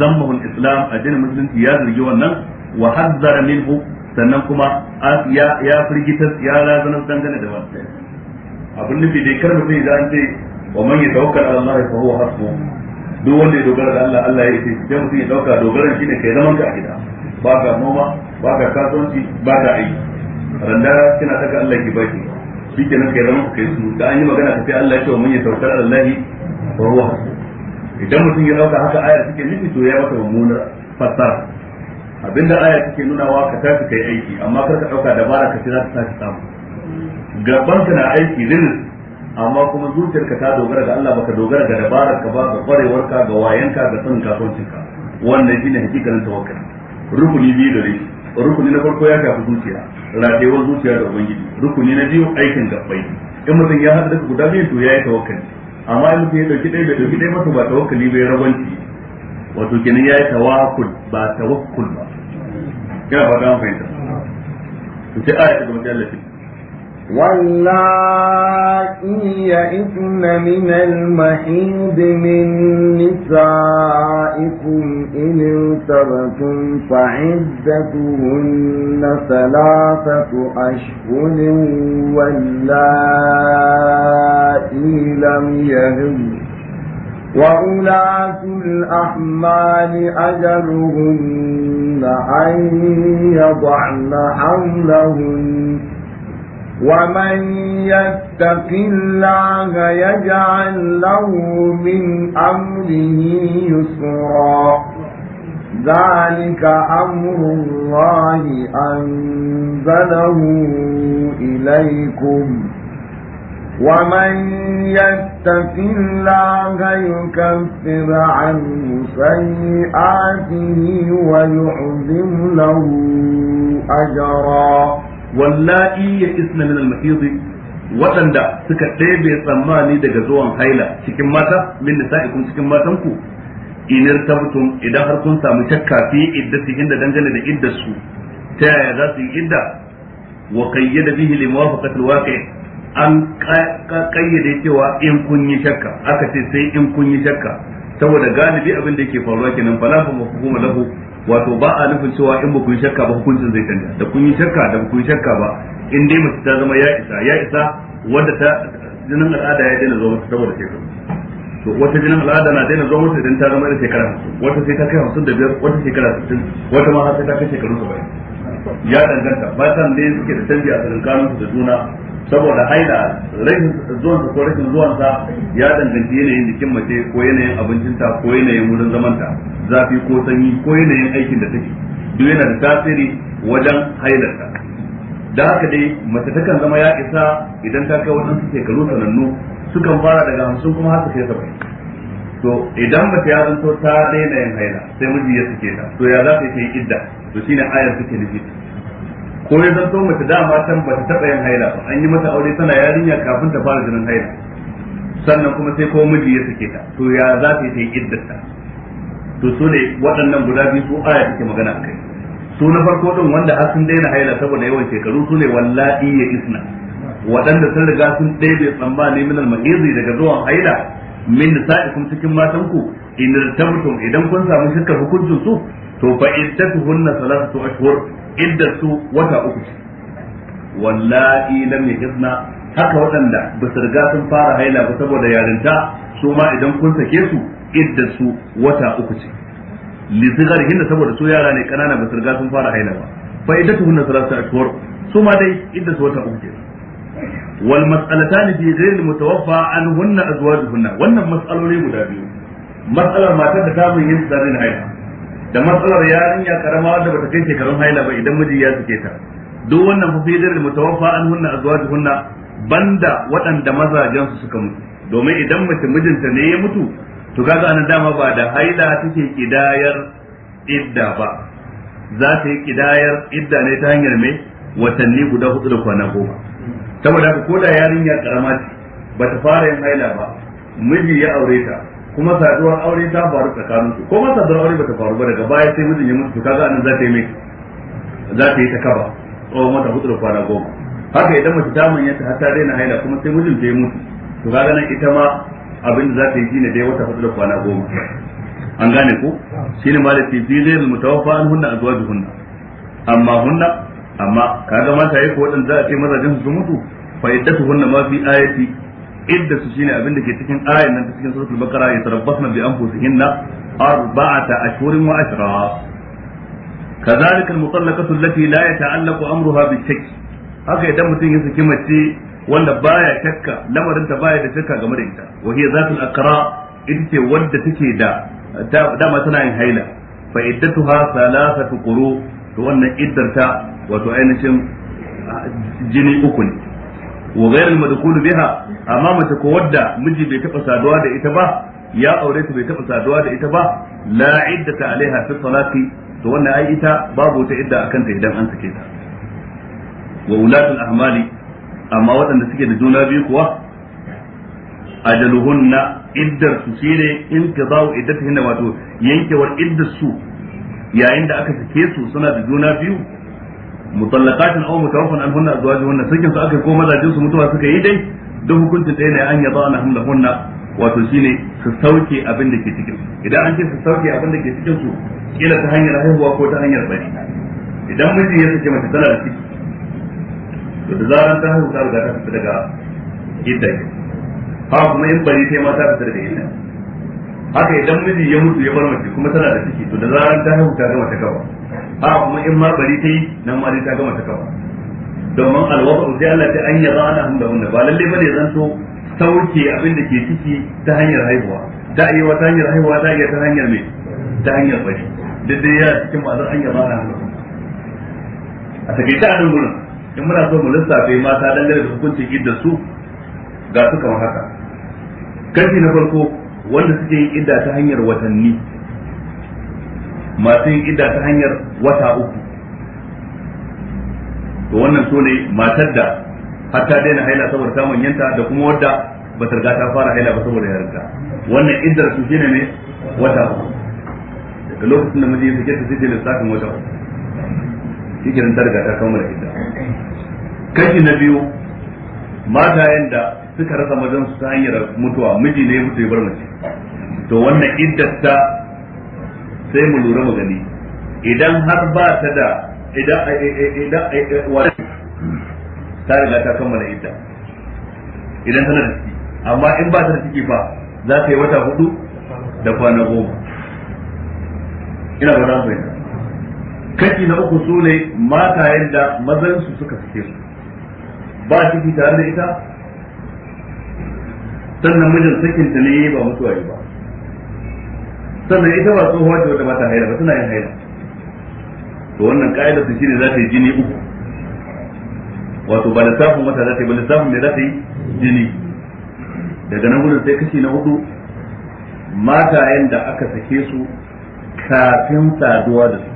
zammahul islam addinin musulunci ya zargi wannan wa hazzara minhu sannan kuma ya ya firgitar ya razana dangane da wannan Abun nufi dai kar mutum idan an ce wa man yatawakkal ala Allah fa huwa hasbu duk wanda ya dogara da Allah Allah ya ce sai mutum ya dauka dogaran shine kai zaman ka a gida ba ka noma ba ka kasuwanci ba ka aiki randa kina saka Allah ki baki shi kenan kai zaman ka kai su da an yi magana ta sai Allah ya ce wa man yatawakkal ala Allah ko ruwa idan mutum ya dauka haka aya take nufi to ya mata mummunar fassara abinda aya take nuna wa ka tafi kai aiki amma kar ka dauka dabara ka tira za ta tafi samu gaban ka na aiki rin amma kuma zuciyarka ta dogara ga Allah baka dogara ga dabarar ka ba ga kwarewarka ga wayanka ga sanin kasuwancinka wannan shine hakikalin tawakkali rukuni biyu da rashi rukuni na farko ya shafi zuciya ratewar zuciya da ubangiji rukuni na biyu aikin gabbai in mutum ya haɗa daga guda biyu to ya yi tawakkali amma in mutum ya dauki ɗaya da dauki ɗaya masa ba tawakkali bai rabanci wato kenan ya yi tawakkul ba tawakkul ba kina fata an fahimta to sai aya ta gaba ta Allah ya يئسن من المحيض من ارتبتم فعدتهن ثلاثة أشهر واللائي لم يهم وأولاة الأحمال أجلهن أن يضعن حملهن ومن يتق الله يجعل له من أمره يسرا ذلك أمر الله أنزله إليكم ومن يتق الله يكفر عنه سيئاته ويعظم له أجرا واللائي يئسن من المحيض waɗanda suka ɗebe tsammani daga zuwan haila cikin mata min nisa'ikum inar irtabtum idan har kun samu shakka fi inda dangane da iddarsu ta yaya za su yi idda wa qayyada bihi li muwafaqati alwaqi an qayyade cewa in kun yi shakka aka ce sai in kun yi shakka saboda galibi abin da yake faruwa kenan fala fa mafhumu lahu wato ba a nufin cewa in ba kun shakka ba hukuncin zai canja da kun yi shakka da kun shakka ba in dai mace ta zama ya isa ya isa wanda ta jinin al'ada ya daina zuwa saboda shekaru to wata jinin al'ada na daina zuwa wata idan ta zama irin shekara wata sai ta kai hamsin da biyar wata shekara sittin wata ma sai ta kai shekaru saba'in ya danganta ba matan ne suke da canji a tsakankanin su da juna saboda haila rashin zuwan ko rashin zuwan sa ya danganci yanayin jikin mace ko yanayin abincinta ko yanayin wurin zamanta zafi ko sanyi ko yanayin aikin da take duk yana da tasiri wajen hailarta da haka dai mace takan zama ya isa idan ta kai su shekaru sanannu sukan fara daga hamsin kuma har su kai saba'in to idan mace ya zanto ta daina yin haila sai miji ya suke ta to ya za ta yi idda to shine ayar suke nufi ko ya zanto mace dama can ba ta taɓa yin haila ba an yi mata aure tana yarinya kafin ta fara jinin haila sannan kuma sai ko miji ya suke ta to ya za ta yi ta to su ne waɗannan guda biyu su aya take magana kai. su na farko din wanda har sun daina haila saboda yawan shekaru su ne wallahi ya isna waɗanda sun riga sun ɗebe tsammani min al-mahizi daga zuwan haila min nisa'ikum cikin matanku in irtabtum idan kun samu shakkar hukuncin su to fa iddatuhunna salatu ashhur iddatu wata uku wallahi lam yahizna haka waɗanda ba su riga sun fara haila ba saboda yarinta su ma idan kun sake su iddatu wata uku ce li hinna saboda su yara ne kanana ba su riga sun fara haila ba fa iddatuhunna salatu ashhur su ma dai iddatu wata uku ce wal mas'alatan bi ghayr al mutawaffa an hunna azwajuhunna wannan mas'aloli guda biyu mas'alar matar da ta mun yin tsarin haila da matsalar yarinya karama wanda bata kai shekarun haila ba idan miji ya suke ta duk wannan fa fi ghayr mutawaffa an hunna azwajuhunna banda waɗanda mazajen su suka mutu domin idan mace mijinta ne ya mutu to kaga anan dama ba da haila take kidayar idda ba za ta yi kidayar idda ne ta hanyar mai watanni guda hudu da kwana goma saboda haka ko da yarinyar karama ce ba ta fara yin haila ba miji ya aure ta kuma saduwar aure ta faru tsakanin su ko saduwar aure ba ta faru ba daga baya sai mijin ya mutu ga anan za ta yi mai za ta yi ta kaba tsawon mata hutu da kwana goma haka idan mace ta manyanta ta ta daina haila kuma sai mijin ta yi mutu to ga nan ita ma abin da za ta yi shine dai wata hutu da kwana goma an gane ko shine ma da fi zai mutawaffa an hunna azwajuhunna amma hunna amma kaga mata yake waɗanda za a ce mazajen su mutu fa iddatu hunna ma fi ayati idda su shine abin da ke cikin ayan nan cikin suratul baqara ya tarabbasna bi anfusihinna arba'ata ashhurin wa ashra كذلك المطلقة التي لا amruha أمرها بالشك haka idan mutum ya saki mace wanda baya shakka lamarinta baya da shakka game da ita wa hiya zatul aqra ita ce wanda take da dama tana yin haila fa iddatuha thalathatu quru to wannan iddar ta wato ainihin jini uku ne wa ghairul madkhul biha amma mace ko wadda miji bai taba saduwa da ita ba ya aure ta bai taba saduwa da ita ba la iddata alaiha fi talaqi to wannan ai ita babu ta idda akan ta idan an sake ta wa ulatul ahmali amma waɗanda suke da juna biyu kuwa ajaluhunna iddar su shine in ka bawo iddatihinna wato yankewar iddar su yayin da aka sake su suna da juna biyu mutallaqatin aw mutawaffan anhunna azwajuhunna sakin su aka ko mazajin su mutuwa suka yi dai duk hukuncin ɗaya ne an yaba na hunna wato shine su sauke abin da ke cikin su idan an ce su sauke abin da ke cikin su kila ta hanyar haihuwa ko ta hanyar bari idan miji ya sake mace tana da ciki to da zaran ta haihu ta riga ta fita daga idda ha kuma in bari sai mata ta fita daga idda haka idan miji ya mutu ya bar mace kuma tana da ciki to da zarar ta haihu ta gama ta kawa a kuma in ma bari ta yi nan ma ta gama ta kawa domin alwafa sai Allah ta an yaba ana hunda hunda ba lalle bane so sauke abin da ke ciki ta hanyar haihuwa da iya wata hanyar haihuwa da iya ta hanyar mai ta hanyar bari da dai ya cikin ma'azar an yaba ana hunda a take ta nan gurin in muna so mu lissafe mata dangane da hukuncin idda su ga su kamar haka kashi na farko wanda suke yin idda ta hanyar watanni masu yin idda ta hanyar wata uku to wannan so ne matar da har ta daina haila saboda ta manyanta da kuma wadda ba ta riga ta fara haila ba saboda yarinta wannan iddar su shine ne wata uku daga lokacin da miji ya sake ta sai lissafin wata uku shi ta riga ta kammala idda kashi na biyu Mata yanda suka rasa mazan su ta hanyar mutuwa miji ne ya mutu ya bar mace to wannan iddata sai mu lura mu gani idan har ba ta da idan eh, eh, eh, idan ta riga ta kammala idda idan tana da ciki amma in ba ta da ciki fa za ta yi wata hudu da kwana goma ina ba za mu kashi na uku su ne mata yadda mazan su suka fice su ba ciki tare da ita sannan mijin sakin ta ne ba mutuwa yi ba sannan ita ba tsohuwa ce wata mata haila ba tana yin haila to wannan ka'idar su shine za ta yi jini uku wato ba lissafin wata za ta yi ba lissafin ne za ta yi jini daga nan gudun sai kashi na hudu matayen da aka sake su kafin saduwa da su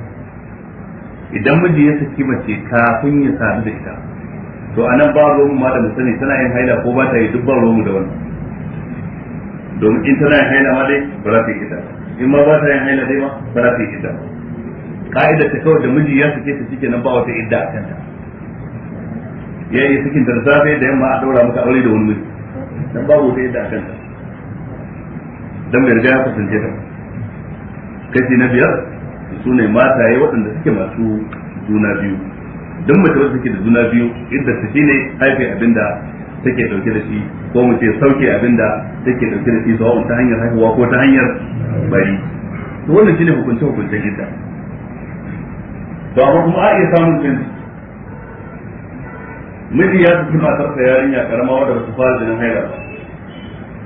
idan miji ya saki mace kafin ya sadu da ita to anan ba ruwan ma da mu sani tana yin haila ko ba ta yi duk ba ruwan mu da wannan domin in tana yin haila ma dai ba za ta yi ita in ma ba ta yin haila dai ma ba za ta yi ita ka'ida ta kawai da miji ya sake ta shike nan ba wata idda a kanta ya yi sakin da zafi da yamma a daura maka aure da wani miji nan ba wata idda a kanta dan bai riga ya kasance ta kashi na biyar su ne mataye waɗanda suke masu juna biyu don mace wadda suke da juna biyu idda ta shine haife abinda take dauke da shi ko mu ce sauke da take dauke da shi zuwa ta hanyar haihuwa ko ta hanyar bari to wannan shine hukunce hukunce gida to amma kuma a iya samun bin miji ya tafi matarsa yarinya karama wadda ba su fara jinin haila ba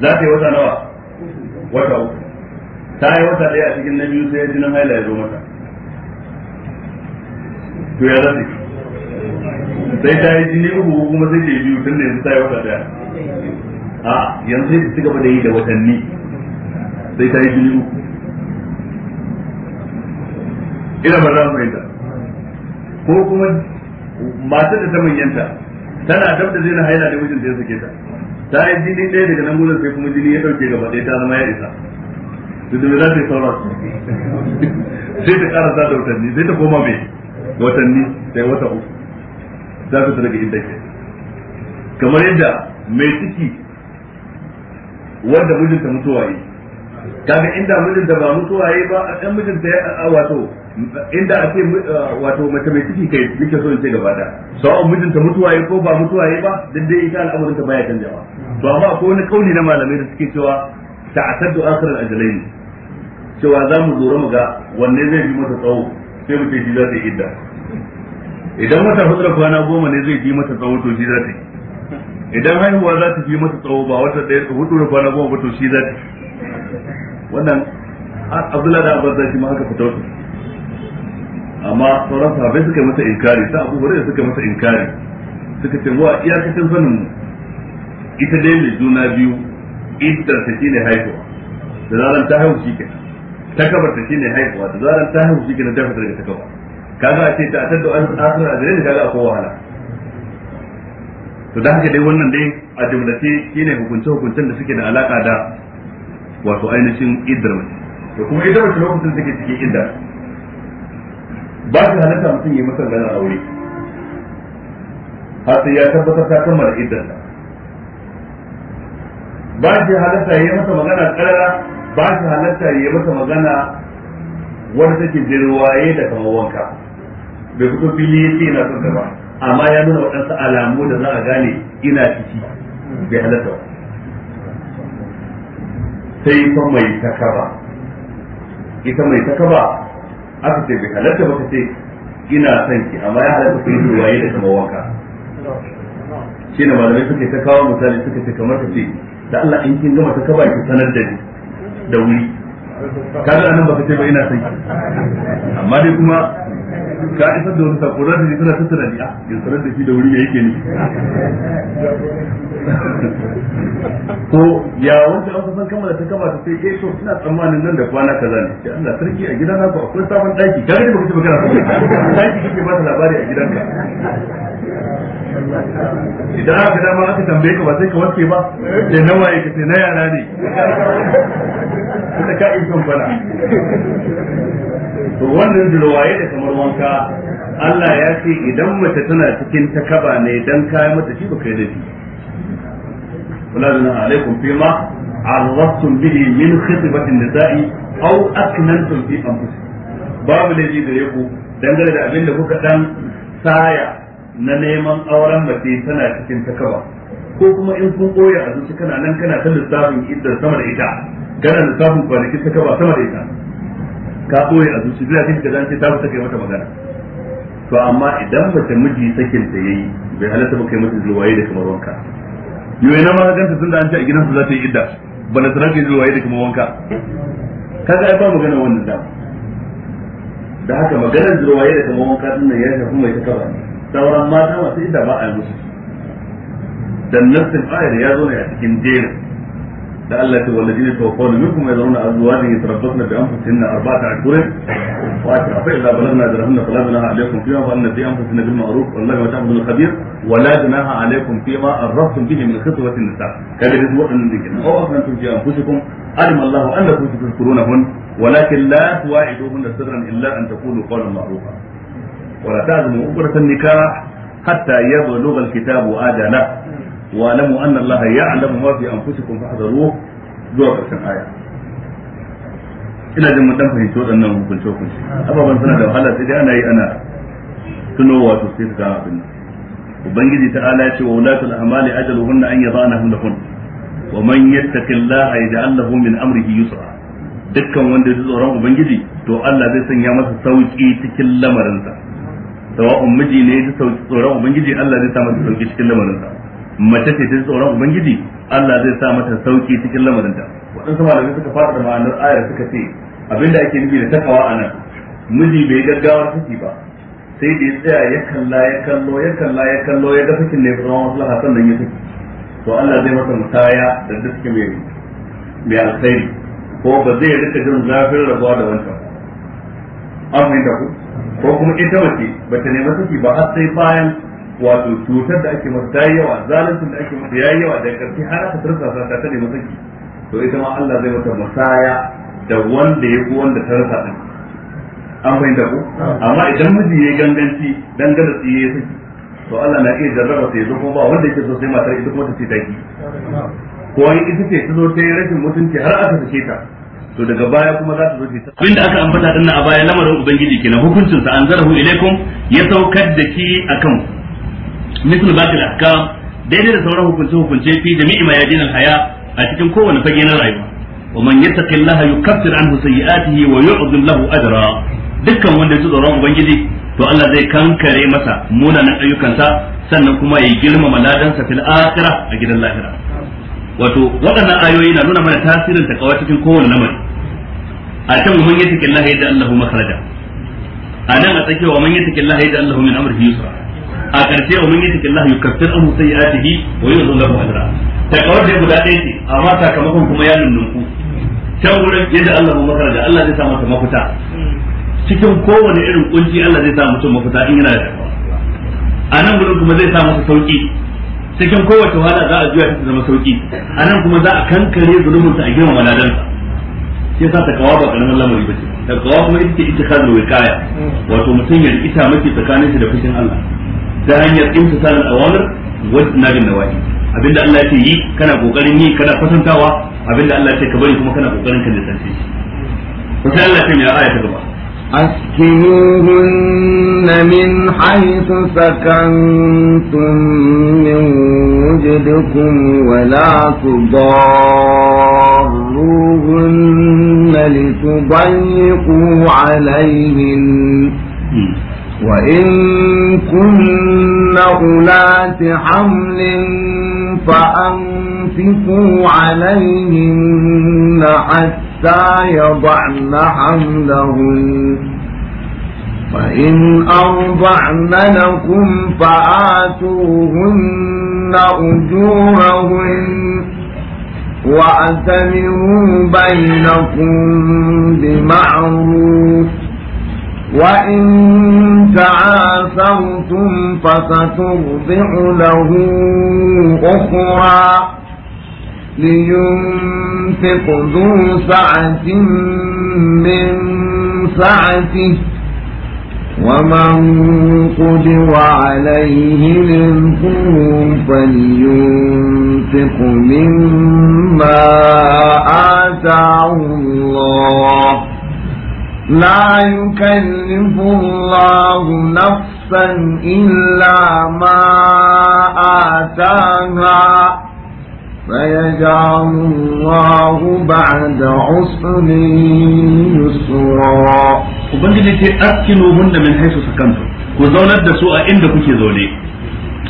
za ta yi wata nawa wata uku ta yi wata ɗaya a cikin na biyu sai jinin haila ya zo mata to ya zafi sai ta yi jini uku kuma sai ta yi biyu tun da yanzu ta yi wata daya a yanzu sai ta ci gaba da yi da watanni sai ta yi jini uku ina ba za mu yi ko kuma matar da ta manyanta tana dab da zai na haila da mijinta ya sake ta ta yi jini ɗaya daga nan gudun sai kuma jini ya ɗauke gaba ɗaya ta zama ya isa duk da za ta yi sauran sai ta ƙara sa da watanni sai ta koma mai watanni sai wata uku za ta daga inda ke kamar yadda mai ciki wanda mijinta mutuwa yi kaga inda mijinta ba mutuwa yi ba a ɗan mijinta ya wato inda a ce uh, wato mace mai ciki kai nake so in ce gaba da sawa'un mijinta mutuwa yi ko ba mutuwa yi ba duk dai ita al'amarin ta baya canjawa to amma akwai wani kauli na malamai da suke cewa ta'attadu akhiral ajalain cewa za mu zura mu ga wanne zai bi mata tsawo sai mu ce shi za ta yi idda idan wata hudura kwana goma ne zai bi mata tsawo to shi za ta yi idan haihuwa za ta bi mata tsawo ba wata ɗaya hudu hudura kwana goma ba to shi za ta yi wannan abdullahi da abbas zai ma haka fito su amma sauran sahabbai suka yi masa inkari sa abu hurairah suka yi masa inkari suka ce wa iyakacin sanin mu ita dai mai juna biyu idan ta shine haihuwa da zaran ta haihu shi ke ta kabar ta shine haihuwa da zaran ta haihu shi ke ta fitar daga ta kabar kaga a ce ta atar da asirar adirai da kaga a kowa wahala to dan haka dai wannan dai a jumlace shine hukunce hukuncen da suke da alaka da wato ainihin iddar mutum to kuma iddar mutum lokacin suke cikin idar. ba su halatta mutum ya masa ganar aure har sai ya tabbatar ta kammala iddar ba shi halatta ya masa magana karara ba shi halatta ya masa magana wanda take jirwaye da kamar wanka bai fito fili ya ce yana son ta ba amma ya nuna waɗansu alamu da za a gane ina ciki bai halatta ba sai fa mai takaba ita mai takaba aka ce bai halatta ba ka ce ina son ki amma ya halatta ku yi waye da kama wanka shi ne malamai suke ta kawo misali suka ce kamar ka ce da Allah in kin gama ta kaba ki sanar da ni da wuri kaga anan baka ce ba ina son ki amma dai kuma ka isar da wani sako za ta ji tana tattara ni a ah, ya sanar da shi da wuri ya yake ni ko ya wanda an kusan kammala ta kamata sai ke eh, so ina tsammanin nan da kwana kaza ne Ya Allah sarki a gidana ko akwai sabon daki ka ga ba kace magana ba daki kike ba ta labari a gidan ka. idan aka dama aka tambaye ka ba sai ka wanke ba sai nawa yake sai na yara ne kada ka son bana to wannan durwaye da kamar wanka Allah ya ce idan mace tana cikin takaba ne dan kai mata shi baka yi da shi ولنا عليكم فيما عرضتم به من خطبة النساء أو أكننتم fi أنفسكم babu laifi da yabo dangane da abin da kuka dan saya na neman auren mace tana cikin takaba ko kuma in kun koya a zuci kana nan kana ta lissafin iddar sama da ita kana lissafin kwanaki takaba sama da ita ka ɓoye a zuci zuwa cikin kaza ce ta fi kai mata magana to amma idan mace miji sakin ta yayi bai halatta ba kai mata zuwaye da kamar wanka yau ina ma ganta tunda an ce a su za ta yi idda ba na sanar kai zuwaye da kamar wanka kaga ai ba magana wannan da da haka maganar zuwaye da kamar wanka din nan ya shafi mai ta kaba sauran mata masu idda ba a yi musu dan nassin ayar ya zo ne a cikin jerin لعلك والذين يتوفون منكم يذرون ازواجا يتربصن بانفسهن اربعه اشهر واشهر فاذا بلغنا اجلهن فلا جناح عليكم فيما ظن في انفسهن بالمعروف والله ما تعبدون الخبير ولا جناح عليكم فيما اردتم به من خطبه النساء كان يجب ان ذكرنا او اظننتم في انفسكم علم الله انكم تذكرونهن ولكن لا تواعدوهن سرا الا ان تقولوا قولا معروفا ولا تعزموا اجره النكاح حتى يبلغ الكتاب اجله wa lamu anna allaha ya'lamu ma fi anfusikum fahdharuhu zuwa ƙarshen aya ina jin mun fahimci waɗannan hukunce hukunce ababan suna da wahala sai dai ana yi ana tunowa to sai ka abin ubangiji ta'ala ya ce wa ulatul amali ajaluhunna an yadanahum lahun wa man yattaqillaha yaj'al lahu min amrihi yusra dukkan wanda ya tsoron ubangiji to Allah zai sanya masa sauki cikin lamarinsa sawa'un miji ne ya tsoron ubangiji Allah zai sa masa sauki cikin lamarinsa mace ce ta tsoron ubangiji Allah zai sa mata sauki cikin lamarinta waɗansu malamai suka fara da ma'anar ayar suka ce abinda ake nufi da takawa a nan miji bai gaggawar saki ba sai da ya tsaya ya kalla ya kallo ya kalla ya kallo ya ga sakin ne kuma maslaha sannan ya saki to Allah zai masa musaya da duk mai mai alkhairi ko ba zai rika jin zafin rabuwa da wancan an fahimta ko ko kuma ita mace ba ta nema saki ba har sai bayan wato cutar da ake masa ta yi yawa zaluncin da ake masa ya yi yawa da ƙarfi har aka tarsa ta ta masa saki to ita ma Allah zai mata masaya da wanda ya ko wanda ta rasa din an fahimta ko amma idan miji ya ganganci dan gada tsiye ya saki to Allah na iya jarraba sai zo ba wanda yake so sai matar ita kuma ta ce taki ko ai ita ce ta zo ta yi rashin mutunci har aka sake ta to daga baya kuma za ta zo ta abin da aka ambata dinnan a baya lamarin ubangiji kenan hukuncin sa an zarahu ilaikum ya saukar da ki akan mislu batil ahkam daidai da sauran hukunce hukunce fi jami'i mayadin haya a cikin kowane fage na rayuwa wa man yattaqillaha yukaffir anhu sayyi'atihi wa yu'dhim lahu ajra dukkan wanda su tsoron ubangiji to Allah zai kankare masa munanan ayyukansa sannan kuma ya girmama ladansa fil akhirah a gidan lahira wato waɗannan ayoyi na nuna mana tasirin takawa cikin kowane namari a can man lahayi da lahu makhraja a nan a tsakiya man yattaqillaha yaj'al lahu min amrihi yusra a karshe wa mun yi cikin an yukaffir anhu sayyi'atihi wa yuzil lahu ajra ta kawar da guda ɗaya ce amma sakamakon kuma ya ku. can wurin yadda Allah mu makara da Allah zai sa masa mafita cikin kowane irin kunci Allah zai sa mutum mafita in yana da a nan wurin kuma zai sa masa sauki cikin kowace wahala za a juya ta zama sauki a nan kuma za a kankare zulumunsa a girmama ladansa shi yasa takawa ba karamin lamari ba ce takawa kuma ita ce ita kan wikaya wato mutum ya ita mace tsakanin shi da fushin Allah ta hanyar imtisalul awamir wa tinabin nawahi abinda Allah ya ce yi kana kokarin yi kana kwatantawa abinda Allah ya ce ka bari kuma kana kokarin ka nisance shi sai Allah ya ce ya aya ta gaba أسكنوهن من حيث سكنتم من وجدكم ولا تضاروهن لتضيقوا عليهن وإن كن أولات حمل فأنفقوا عليهن حتى يضعن حملهن فإن أرضعن لكم فآتوهن أجورهن وأتمروا بينكم بمعروف وإن تعاثرتم فسترضع له أخرى لينفق ذو سعة من سعته ومن قدر عليه رزقه فلينفق مما آتاه الله لا يكلف الله نفسا إلا ما آتاها فيجعل الله بعد عسر يسرا ubangiji ce askinu hunna min haisu sakantu ku zaunar da su a inda kuke zaune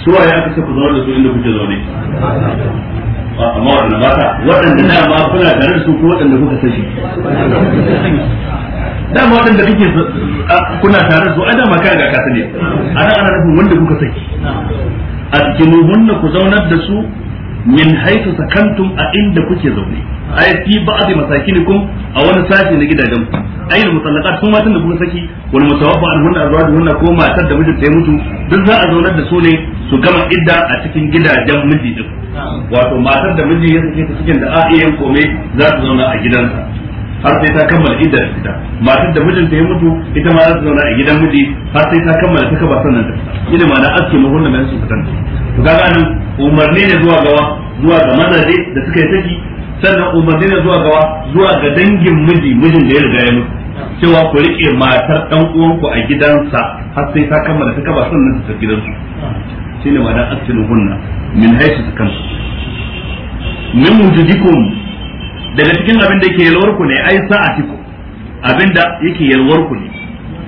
su ya aka ku zaunar da su inda kuke zaune ah, amma wannan mata waɗanda dama da waɗanda kuka dama waɗanda kake kuna tare su a dama kai ga ka a ana ana nufin wanda kuka saki adkiluhunna ku zaunar da su min haitu sakantum a inda kuke zaune ai fi ba'd kun a wani sashi na gidajen ku ai da musallaqat sun matan da kuka saki wal mutawaffa an arzawa azwaj hunna ko matar da mijinta ya mutu duk za a zaunar da su ne su gama idda a cikin gidajen miji din wato matar da miji ya sake ta cikin da a iya kome za su zauna a gidansa har sai ta kammala iddar fita matar da mijinta ya mutu ita ma za ta zauna a gidan miji har sai ta kammala ta kaba sannan ta fita ina ma na aske mahunna mai su fitan to kaga nan umarni ne zuwa gawa zuwa ga mazaje da suka yi saki sannan umarni ne zuwa gawa zuwa ga dangin miji mijin da ya riga ya mutu cewa ku rike matar dan uwanku a gidansa har sai ta kammala ta kaba sannan ta tafi gidansu shine ma na aske mahunna min haisu ta kan min wujudikum daga cikin abin da yake yalwar ku ne ai sa'atiku abin da yake yalwar ku ne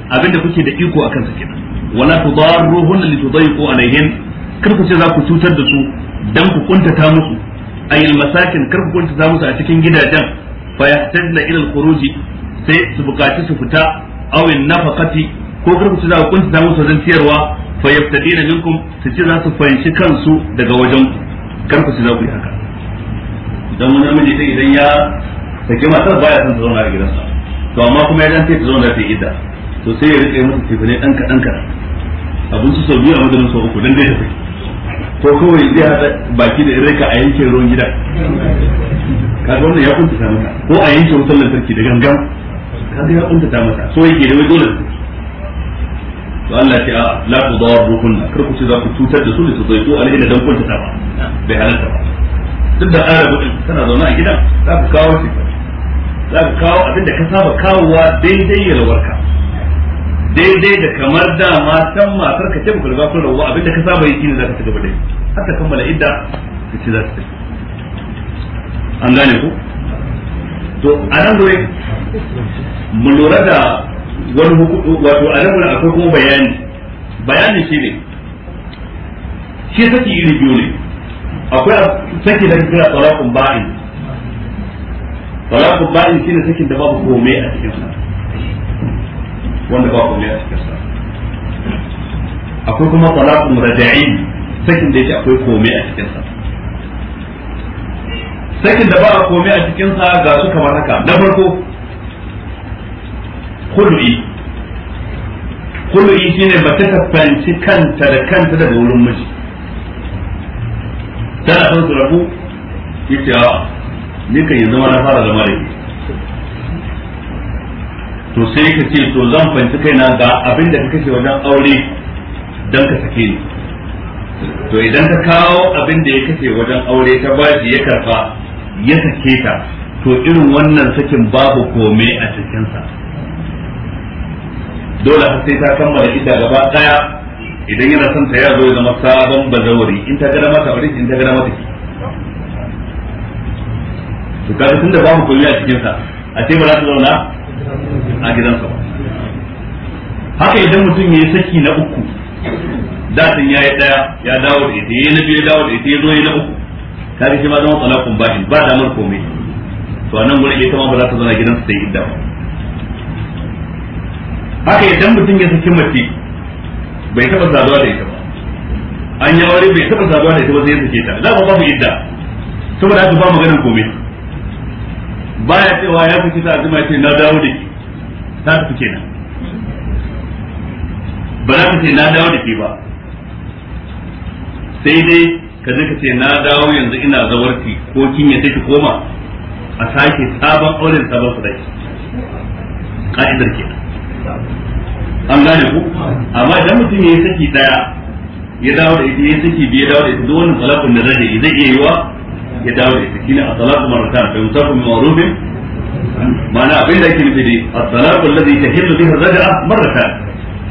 abin da kuke da iko akan su kenan wala li tudayqu alaihim kar ku ce za ku cutar da su dan ku kuntata musu ayil masakin kar ku kuntata musu a cikin gidajen fa yahtajna ila al sai su bukaci su fita in nafaqati ko kar ku ce za ku kuntata musu wajen ciyarwa fa yaftadina minkum su ce za su fanshi kansu daga wajen ku kar ku ce za ku yi haka idan wani namiji sai idan ya sake matar baya son ta zauna a gidansa to amma kuma ya dan sai ta zauna ta idda to sai ya rike masa ɗan kaɗan kaɗan abin su sau biyu a madadin sau uku dan dai ta ko kawai zai haɗa baki da ka a yankin ruwan gida ga wannan ya kunta mata ko a yankin wutar lantarki da gangan ga ya kunta mata so yake da wai dole to Allah ce a la tudarruhunna kar ku ce za ku tutar da su da su zai to alhina dan kunta ta ba bai halarta ba tun da an rabu tana zaune a gidan za ka kawo shi za ka kawo abin da ka saba kawowa daidai ya rawarka daidai da kamar dama matan matar ka ce ba ku riga kun rabuwa abin da ka saba yi shine za ka ci gaba da yi har ta kammala idda ka ci za ta tafi an gane ku to a nan gurin mu lura da wani hukumu wato a nan akwai kuma bayani bayani shi ne shi saki iri biyu ne akwai sakin da kira talaqun ba'in talaqun ba'in shine sakin da babu komai a cikin sa wanda babu komai a cikin sa akwai kuma talaqun raja'in sakin da yake akwai komai a cikin sa sakin da ba a komai a cikin sa ga su kamar haka na farko khul'i khul'i shine mace ta fanci kanta da kanta daga wurin miji tana son su rabu yace a ni yanzu ma na fara zama da ke to sai ka ce to zan fahimci kaina ga abin da ka kashe wajen aure don ka sake ni to idan ka kawo abin da ya kashe wajen aure ta bashi ya karfa ya sake ta to irin wannan sakin babu kome a cikinsa dole sai ta kammala ita gaba daya idan yana son ta ya zo ya zama sabon bazawari in ta gada mata bari in ta gada mata ki to kaga tunda mu koyi a cikin sa a ce ba za ta zauna a gidan sa haka idan mutum ya yi saki na uku da sun yayi daya ya dawo da ita yayi na biyu ya dawo da ita ya zo yayi na uku kaga shi ma zama talakun bahin ba damar komai to anan gurin ita ma ba za ta zauna gidan sa sai idda ba haka idan mutum ya saki mace bai taba saduwa da ita ba an yi aure bai taba saduwa da ita ba sai ya sake ta za ba mu idda saboda haka ba maganar komai baya cewa ya fi ta azuma ce na dawo da ke ta tafi kenan ba za ka ce na dawo da ke ba sai dai ka je ka ce na dawo yanzu ina zawarci ko kin ya ki koma a sake sabon auren sabon sadaki ka'idar kenan an gane ku amma idan mutum ya yi saki daya ya dawo da ita ya saki biyu ya dawo da ita duk wannan talakun da zai yi zai iya yiwa ya dawo da ita shine a talaqu marratan da yusafu min ma'rufin ma'ana abin da ake nufi dai at da zai tahillu da zai raja marratan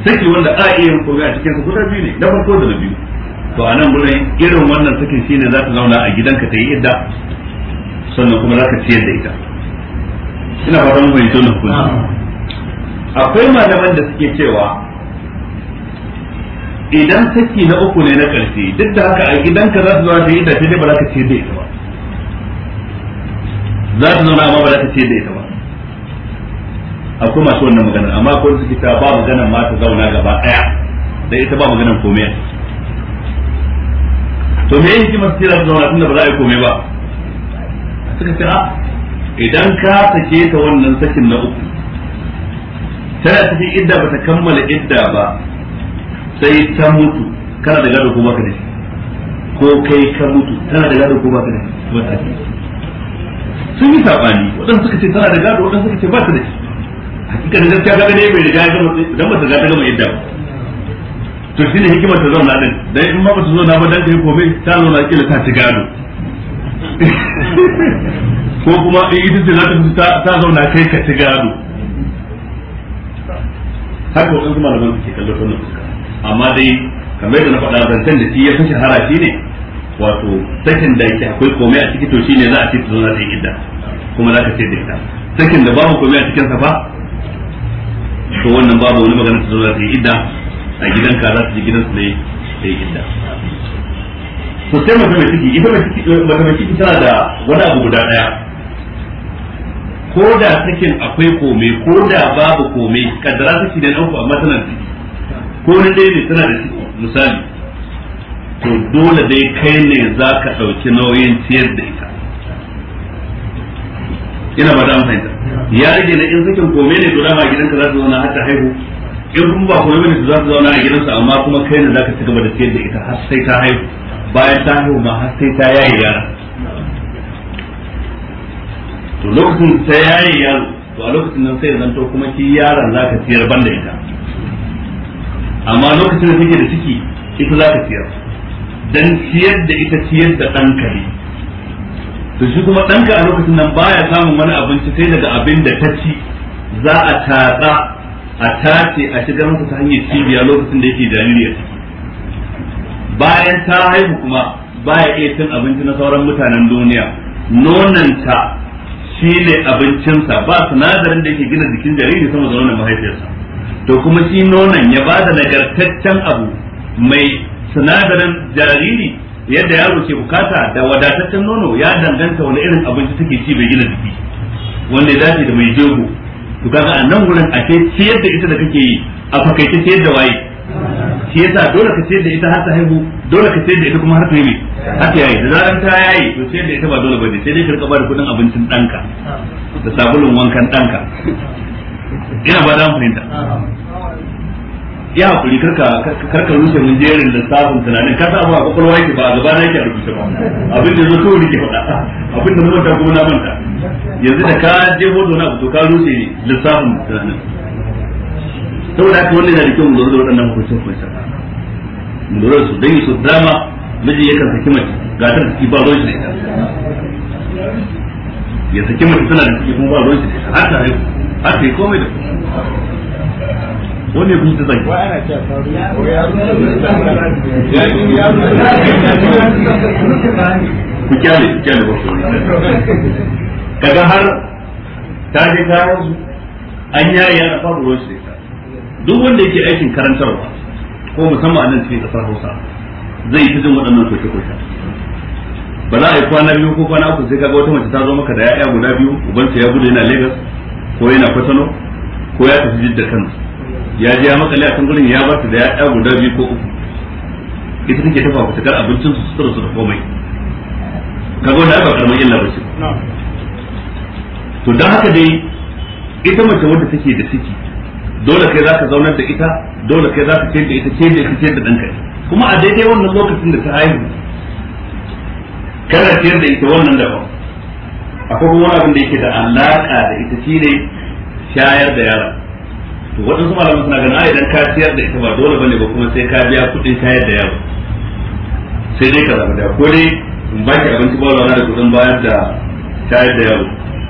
saki wanda a iya yin komai a cikin su guda biyu ne na farko da na biyu to a nan gurin irin wannan sakin shine za ta zauna a gidanka ta yi idda sannan kuma za ka ciyar da ita ina fatan mun fahimci wannan hukunci akwai malaman da suke cewa idan saki na uku ne na ƙarfi duk da haka a gidanka za su zama da yi ba za ka ce da ita ba za su zauna amma ba za ka ce da ita ba akwai masu wannan magana amma akwai su kita ba maganan ma ta zauna gaba ɗaya da ita ba maganan komai to me yake masu ce za su zauna tunda ba za a yi komai ba suka ce a ah, idan ka sake ta wannan sakin na uku tana cikin idda ba ta kammala idda ba sai ta mutu kana da gado ko baka da shi ko kai ka mutu tana da gado ko baka da shi sun yi sabani waɗansu suka ce tana da gado waɗansu suka ce ba ta da shi hakikanin gaskiya kaga ne bai riga ya idan ba ta ga ta gama idda ba to shine hikimar ta zauna din dan in ma ba ta zauna ba dan kai komai ta zauna kila ta ci gado <laughs> ko kuma in ita ce za ta ta zauna kai ka ci gado haka wasu malaman suke kallon wannan fuska amma dai kamar yadda na faɗa zancen da shi ya fi shahara shi ne wato sakin da yake akwai komai a ciki to shi ne za a ce ta zauna ta yi idda kuma za ka ce da ita sakin da babu komai a cikin sa ba to wannan babu wani magana ta zauna ta yi idda a gidan ka za ta ji gidan su ne ta yi idda sosai sai mace mai ciki ita mace mai ciki tana da wani abu guda ɗaya. ko da sakin akwai kome ko da babu kome kaddara saki da nauku amma tana da ciki ko na ɗaya ne tana da ciki misali to dole dai kai ne za ka ɗauki nauyin ciyar da ita ina ba da amfani ya rage na in sakin kome ne to dama gidanka za ta zauna har ta haihu in kuma ba kome ne za ta zauna a gidansa amma kuma kai ne za ka ci gaba da ciyar da ita har sai ta haihu bayan ta haihu ma har sai ta yaye yara to lokacin ta yayi yaro to a lokacin nan sai ya zanto kuma shi yaran za ka siyar banda ita amma lokacin da take da ciki ita za ka siyar dan siyar da ita siyar da ɗanka ne. to shi kuma ɗanka a lokacin nan baya samun wani abinci sai daga abin da ta ci za a tatsa a tace a shigar masa ta hanyar cibiya lokacin da yake jariri bayan ta haihu kuma baya iya cin abinci na sauran mutanen duniya nonanta shi ne abincinsa ba sinadarin da yake gina jikin jariri sama da nonon mahaifiyarsa to kuma shi nonon ya ba da nagartaccen abu mai sinadarin jariri yadda yaro ke bukata da wadataccen nono ya danganta wani irin abinci take ci bai gina jiki wanda ya dace da mai jego to kaga a nan wurin a ce ciyar da ita da kake yi a fakaice ciyar da waye shi yasa dole ka ciyar da ita har ta haihu dole ka ciyar da ita kuma har ta yi har ta yayi da zaran ta yayi to ciyar da ita ba dole bane sai dai ka rika da kudin abincin danka da sabulun wankan danka ina ba da fahimta ya hakuri karka karka rushe mun jerin lissafin tunanin ka abu a kwakwalwa yake ba a gaba na yake a rubuce ba abin da zo to ne ke faɗa abin da mun ta kuma na manta yanzu da ka je hodo na to ka rushe lissafin tunanin saboda haka wannan yana na kyau mu da waɗannan hukuncin hukuncin mu lura su dai su dama miji yakan saki mace ga ta saki ba ruwan shi da ya saki mace tana da saki kuma ba ruwan shi da har ta haihu har ta yi komai da wani kuma ta zai ku kyale ku kyale ba kaga har ta ta an yaya na faru ruwan da duk wanda yake aikin karantarwa ko musamman a nan cikin kasar Hausa zai ta jin waɗannan koke koke ba za a yi kwana biyu ko kwana uku sai kaga wata mace ta zo maka da ya'ya guda biyu ubansa ya gudu yana Lagos ko yana Kwatano ko ya tafi Jidda Kano ya je ya makale a kan gurin ya su da ya'ya guda biyu ko uku ita take tafa fitakar abincin su sutura su da komai kaga wanda aka karɓar illa ba to dan haka dai ita mace wanda take da ciki dole kai zaka zaunar da ita dole kai zaka ce da ita ce da ita ce da danka kuma a daidai wannan lokacin da ta haihu kana ciyar da ita wannan da akwai kuma wani abin da yake da alaka da ita ne shayar da yara to waɗansu malaman suna ganin a idan ka ciyar da ita ba dole bane ba kuma sai ka biya kudin shayar da yaro sai dai ka zama da ko dai in ba ki abinci ba rana da kuɗin bayar da shayar da yaro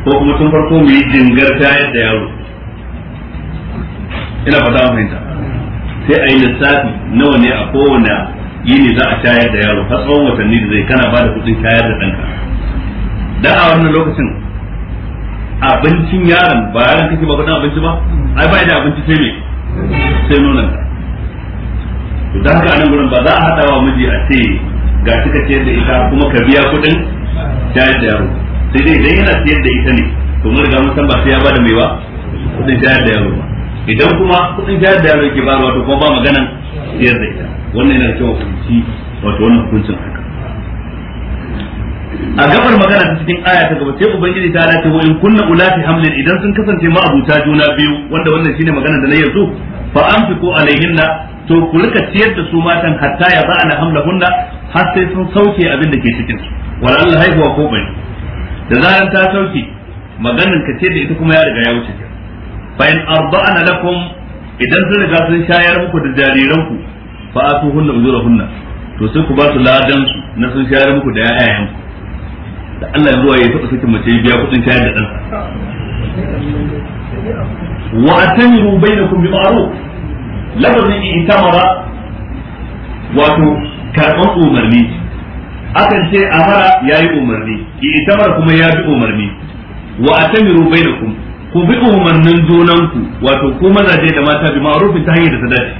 ko kuma tun farko mu yi jingar shayar da yaro ina fata an fahimta sai a yi lissafi nawa ne a kowane yini za a shayar da yaro har tsawon watanni da zai kana bada kudin shayar da ɗanka dan a wannan lokacin abincin yaron ba yaron kake ba kudin abinci ba ai ba da abinci sai me sai nonon to dan haka anan gurin ba za a hada wa miji a ce ga kika ciyar da ita kuma ka biya kudin shayar da yaro sai dai dai yana ciyar da ita ne to mun riga mun san ba sai ya bada mai ba kudin shayar da yaro ba idan kuma kudin jihar da yaro ke ba wato kuma ba maganan siyar da ita wannan yana cewa hukunci wato wannan hukuncin haka a gabar magana ta cikin aya ta gaba sai ubangiji ta dace wa in kunna ulati hamlin idan sun kasance ma abuta juna biyu wanda wannan shine magana da na yanzu fa anfiqu alaihinna to ku rika ciyar da su matan hatta ya hamla hamlahunna har sai sun sauke abin da ke cikin su wala Allah haihuwa ko bai da zaran ta sauke maganan ka ce da ita kuma ya riga ya wuce fa in arda'ana lakum idan sun riga sun shayar muku da jariranku fa atuhunna ujurahunna to sai ku ba su ladan na sun shayar muku da ƴaƴayen da Allah ya zuwa ya taɓa sakin mace biya kuɗin shayar da ɗan wa a atamiru bainakum bi ma'ruf lafazin itamara wato karɓan umarni akan ce a ya yi umarni itamara kuma ya bi umarni wa a bai atamiru bainakum ku bi umarnin junanku wato ku mazaje da mata bi ma'rufi ta hanyar da ta dace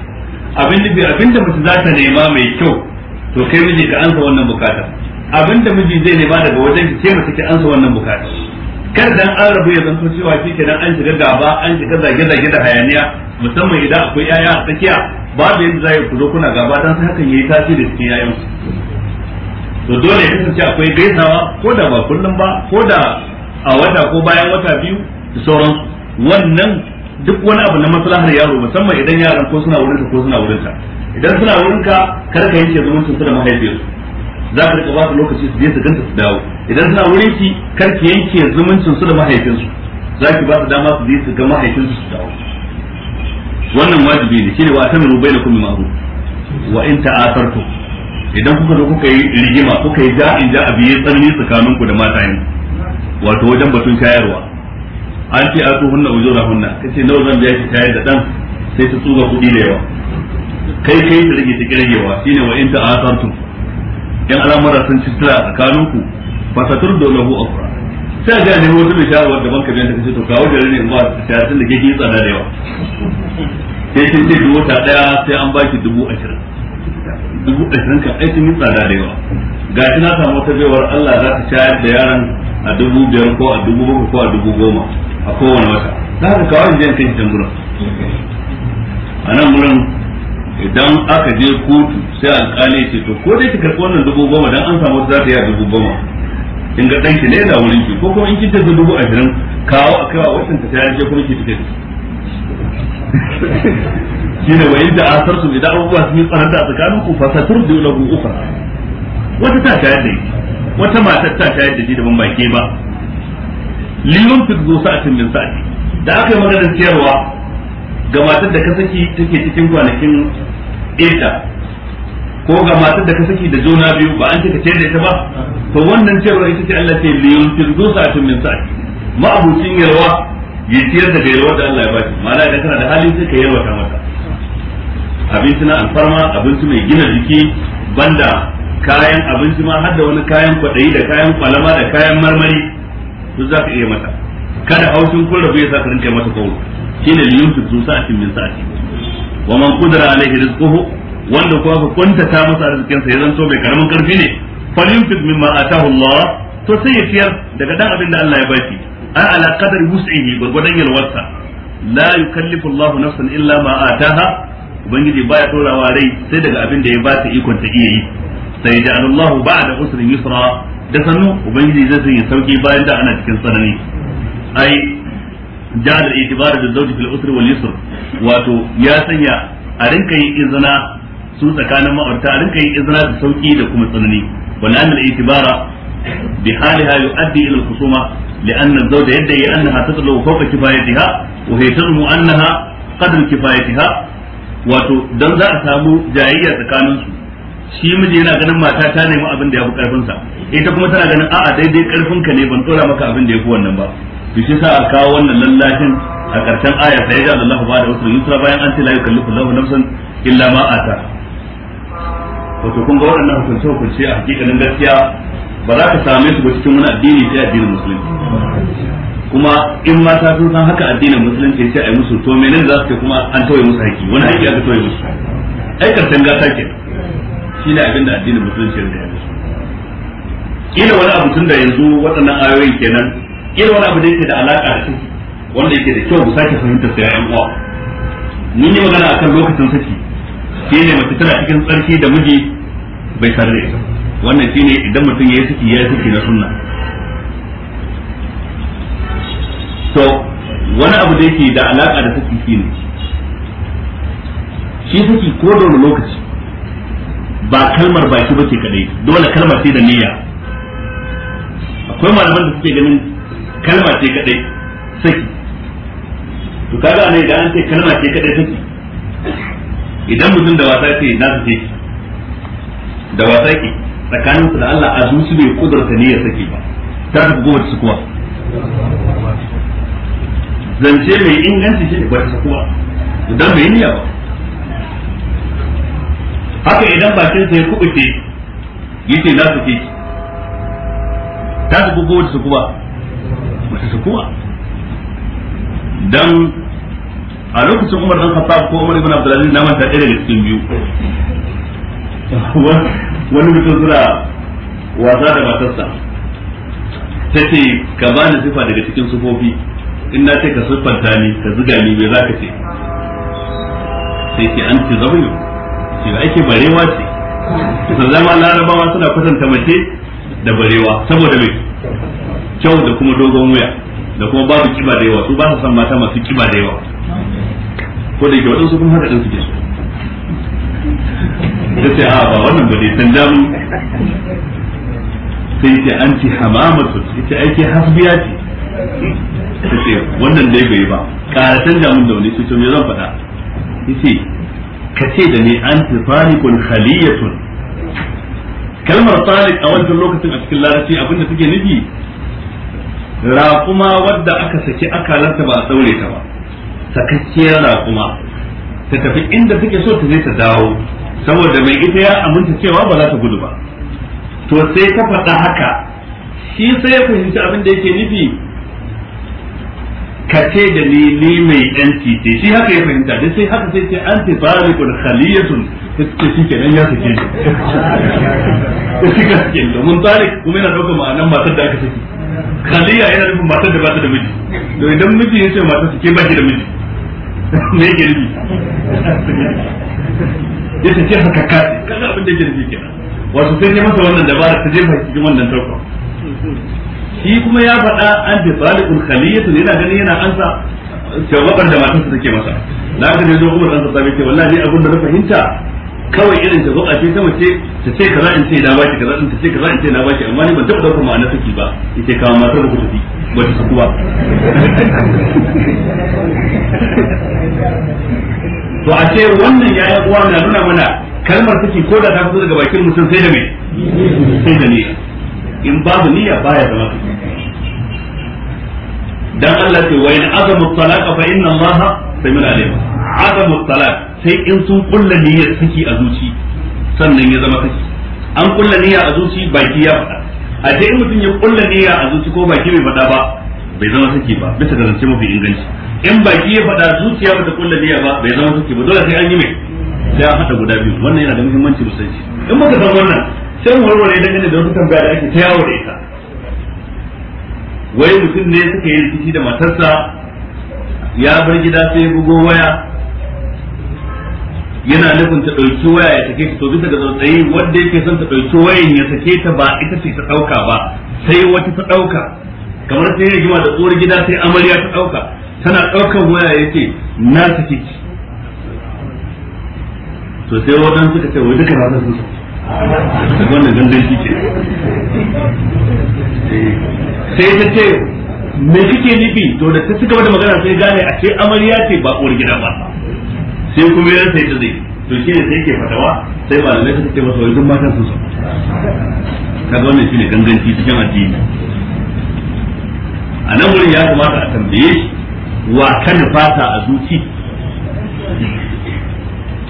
abin da abin da mace za ta nema mai kyau to kai miji ka ansa wannan bukata abin da miji zai nema daga wajen ki kai mace ki ansa wannan bukata kar dan an rabu ya zanto cewa dan an shiga gaba an shiga zage zage da hayaniya musamman idan akwai yaya a tsakiya babu yadda za a ku zo kuna gaba dan sai hakan yayi tasiri cikin yayan to dole ya kasance akwai gaisawa ko da ba kullum ba ko da a wata ko bayan wata biyu da sauransu wannan duk wani abu na maslahar yaro musamman idan yaran ko suna wurinka ko suna wurinka idan suna wurinka kar ka yanke zumuncin su da mahaifiyarsu za ka rika ba su lokaci su je su ganta su dawo idan suna wurin kar ki yanke zumuncin su da mahaifinsu za ki ba su dama su je su ga mahaifinsu su dawo wannan wajibi ne shine wa tamiru bainakum bil ma'ruf wa in ta'asartum idan kuka zo kuka yi rigima kuka yi ja'in ja'a biye tsanani tsakaninku da mata wato wajen batun shayarwa an ce a tuhunna hunna kace nawa zan biya ki tayar da dan sai ta tsuga kuɗi da yawa kai kai ta rage ta kirgewa shine wa in ta in yan al'amura sun ci tura a tsakaninku fa satur da lahu akra sai ga ne wato da shawar da banka biyan ta kace to ga wajen ne in ba ta tayar da kike tsada da yawa sai kin ce duwata daya sai an baki dubu ashirin dubu ashirin kan aikin yi tsada da yawa ga na samu wata baiwar Allah za ta shayar da yaron a dubu biyar ko a dubu bakwai ko a dubu goma a kowane wata za ka kawo in je kai can a nan wurin idan aka je kotu sai alƙali ce to ko dai ki karɓi wannan dubu goma dan an samu wata za ta yi a dubu goma in ga ɗanki ne da wurin ki ko kuma in ta tafi dubu ashirin kawo a kawo wacin ta shayar je kuma ki fita <laughs> ne wa yadda sarsu idan abubuwa sun yi tsananta a tsakanin ku da yi lahu ukhra wata ta shayar da ita wata matar ta shayar da shi da ban ba ke ba liyun fi zo sa'atin min sa'ati da aka yi maganar ciyarwa ga matar da ka saki take cikin kwanakin eta ko ga matar da ka saki da juna biyu ba an ce ka ce da ita ba to wannan ciyarwa ita ce Allah ce liyun fi zo sa'atin min sa'ati ma yarwa ya ciyar da gairawa da Allah ya ba shi ma'ana idan kana da hali sai ka yarwata mata abinci na alfarma abinci mai gina jiki banda kayan abinci ma har da wani kayan kwaɗayi da kayan kwalama da kayan marmari duk za ka iya mata kada haushin kun rabu ya sa ka rinka mata kawo ne liyun su sa'atin min sa'ati wa man qudira alaihi rizquhu wanda kuma ka kuntata masa arzikin sa ya zanto mai karamin karfi ne falyunfiq mimma atahu Allah to sai ya ciyar daga dan abin da Allah ya baki ai ala qadari wus'ihi gurgudan yalwarsa la yukallifu Allah nafsan illa ma ataha ubangiji baya torawa rai sai daga abin da ya ba ta ikon ta iya yi sai ja'alallahu ba'da usri yusra da sannu ubangiji zai sanya sauki bayan da ana cikin tsanani ai ja'al itibar da zawji fil usri wal yusr wato ya sanya a rinka yin izina su tsakanin ma'aurata a rinka yin izina da sauki da kuma tsanani wal amal itibara bi haliha yu'addi ila al khusuma لأن الزوج يدعي أنها تطلب فوق كفايتها وهي تزعم أنها قدر كفايتها wato don za a samu jayayya tsakaninsu shi miji yana ganin mata ta nemi abin da ya fi karfin sa ita kuma tana ganin a'a daidai karfin ka ne ban tsora maka abin da ya fi wannan ba to shi sa a kawo wannan lallashin a karshen aya sai ya Allah ba da wasu yusra bayan an ce la yukallifu Allahu nafsan illa ma ata wato kun ga waɗannan hukunce hukunce a hakikanin gaskiya ba za ka same su ba cikin wani addini sai addinin musulunci kuma in mata sun san haka addinin musulunci sai a yi musu to menene za su ce kuma an tauye musu haƙi wani haƙi aka tauye musu ai karshen gata ke. shine abin da addinin musulunci ya yi musu kila wani abu tun da yanzu waɗannan ayoyin kenan kila wani abu da yake da alaƙa da shi wanda yake da kyau mu sake fahimtar sai ƴan uwa mun yi magana akan lokacin saki shine mace tana cikin tsarki da miji bai sarre ita wannan shine idan mutum ya yi saki ya yi saki na sunna to wani abu da yake da alaƙa da saki shine shi saki ko da wani lokaci ba kalmar baki ce kadai dole kalmar ce da niyya akwai malaman da suke ganin kalma ce kadai saki to kaga ne da an ce kalma ce kadai saki idan mutum da wasa ce na su ce da wasa ke tsakanin su da Allah a zuci bai kudurta niyyar saki ba ta tafi goma su kuwa zance mai inganci shi ne ba ta kuwa idan bai niyya ba haka idan bakin sa ya kubuce yace na su ke ta su wata su kuma wata su kuma dan a lokacin Umar dan Khattab ko Umar ibn Abdul Aziz na manta ɗaya daga cikin biyu wani mutum suna wasa da matarsa ta ce ka bani sifa daga cikin sufofi in na ce ka siffanta ni ka ziga ni me za ka ce sai ke an ci zaune ce ba ake barewa ce sun zama larabawa suna kwatanta mace da barewa saboda mai kyau da kuma dogon wuya da kuma babu kiba da yawa su ba su san mata masu kiba da yawa ko da yake waɗansu kuma haka ɗin suke su ta ce a ba wannan ba dai san damu sai ce an ci hamamatu ce aiki hasbiya ce ta ce wannan dai bai ba ƙaratan damun da wani su ce me zan faɗa ce ka ce da ni anti taliqun khaliyatun kalmar salik a wancan lokacin a cikin larabci abinda take nufi raƙuma wadda aka saki akalarta ba a tsaure ta ba sakakkiyar raƙuma ta tafi inda take so ta je ta dawo saboda mai ita ya aminta cewa ba za ta gudu ba to sai ta faɗa haka shi sai ya fahimci abin da yake nufi ka ce da ni ni mai yanci ce shi haka ya fahimta da sai haka sai ce anti balikul khaliyatun ta shi ke ya sake shi ta shi ka sake domin balik kuma yana ɗaukar ma'anan matar da aka saki khaliya yana nufin matar da ba ta da miji to idan miji ya ce matar su ke ba shi da miji me yake nufi ya ta ce haka ka kaga abin da yake nufi kenan wato sai ya masa wannan dabara ta jefa cikin wannan tarkon shi kuma ya faɗa an bi salikul khaliyatun yana ganin yana ansa jawabar da matarsa take masa Na haka ne zo Umar dan Khattab ce wallahi abin da na fahimta kawai irin ta zuwa ce ta mace ta ce kaza in ce na baki kaza in ta ce kaza in ce na baki amma ni ban taɓa ɗaukar ma'ana saki ba ita kawo matar da ku tafi ba ta saku ba to a ce wannan ya yayin uwa na nuna mana kalmar saki ko da ta fito daga bakin mutum sai da me sai da niyya in babu niyya baya zama kafin dan Allah ce wayin azamu talaq fa inna Allah sami'a alim azamu talaq sai in sun kulla niyyar saki a zuci sannan ya zama saki an kulla niyya a zuci baki ya faɗa a ce in mutum ya kulla niyya a zuci ko baki bai faɗa ba bai zama saki ba bisa ga zance mafi inganci in baki ya faɗa zuciya bata kulla niyya ba bai zama saki ba dole sai an yi mai sai an hada guda biyu wannan yana da muhimmanci musanci in muka san wannan sai mu warware dangane da wata tambaya da ake ta yawo da ita wai mutum ne suka yi rikici da matarsa ya bar gida sai bugo waya yana nufin ta ɗauki waya ya sake ta to bisa ga tsautsayi wanda yake son ta ɗauki wayan ya sake ta ba ita ce ta ɗauka ba sai wata ta ɗauka kamar sai ya gima da tsohuwar gida sai amarya ta ɗauka tana ɗaukan waya ya ce na sake ki to sai wadan suka ce wai duka na sun sake wannan ganganci ke eh, sai ta ce me kike nufi to da ta cigaba da magana sai gane a ce amarya ce ba uwar gida ba sai kuma ya sai ta zai to shi ne sai ke fatawa sai ba da ta ce masa wai duk matan sun so kaga wannan ne ganganci cikin addini a nan wurin ya kamata a tambaye shi wa kan fata a zuci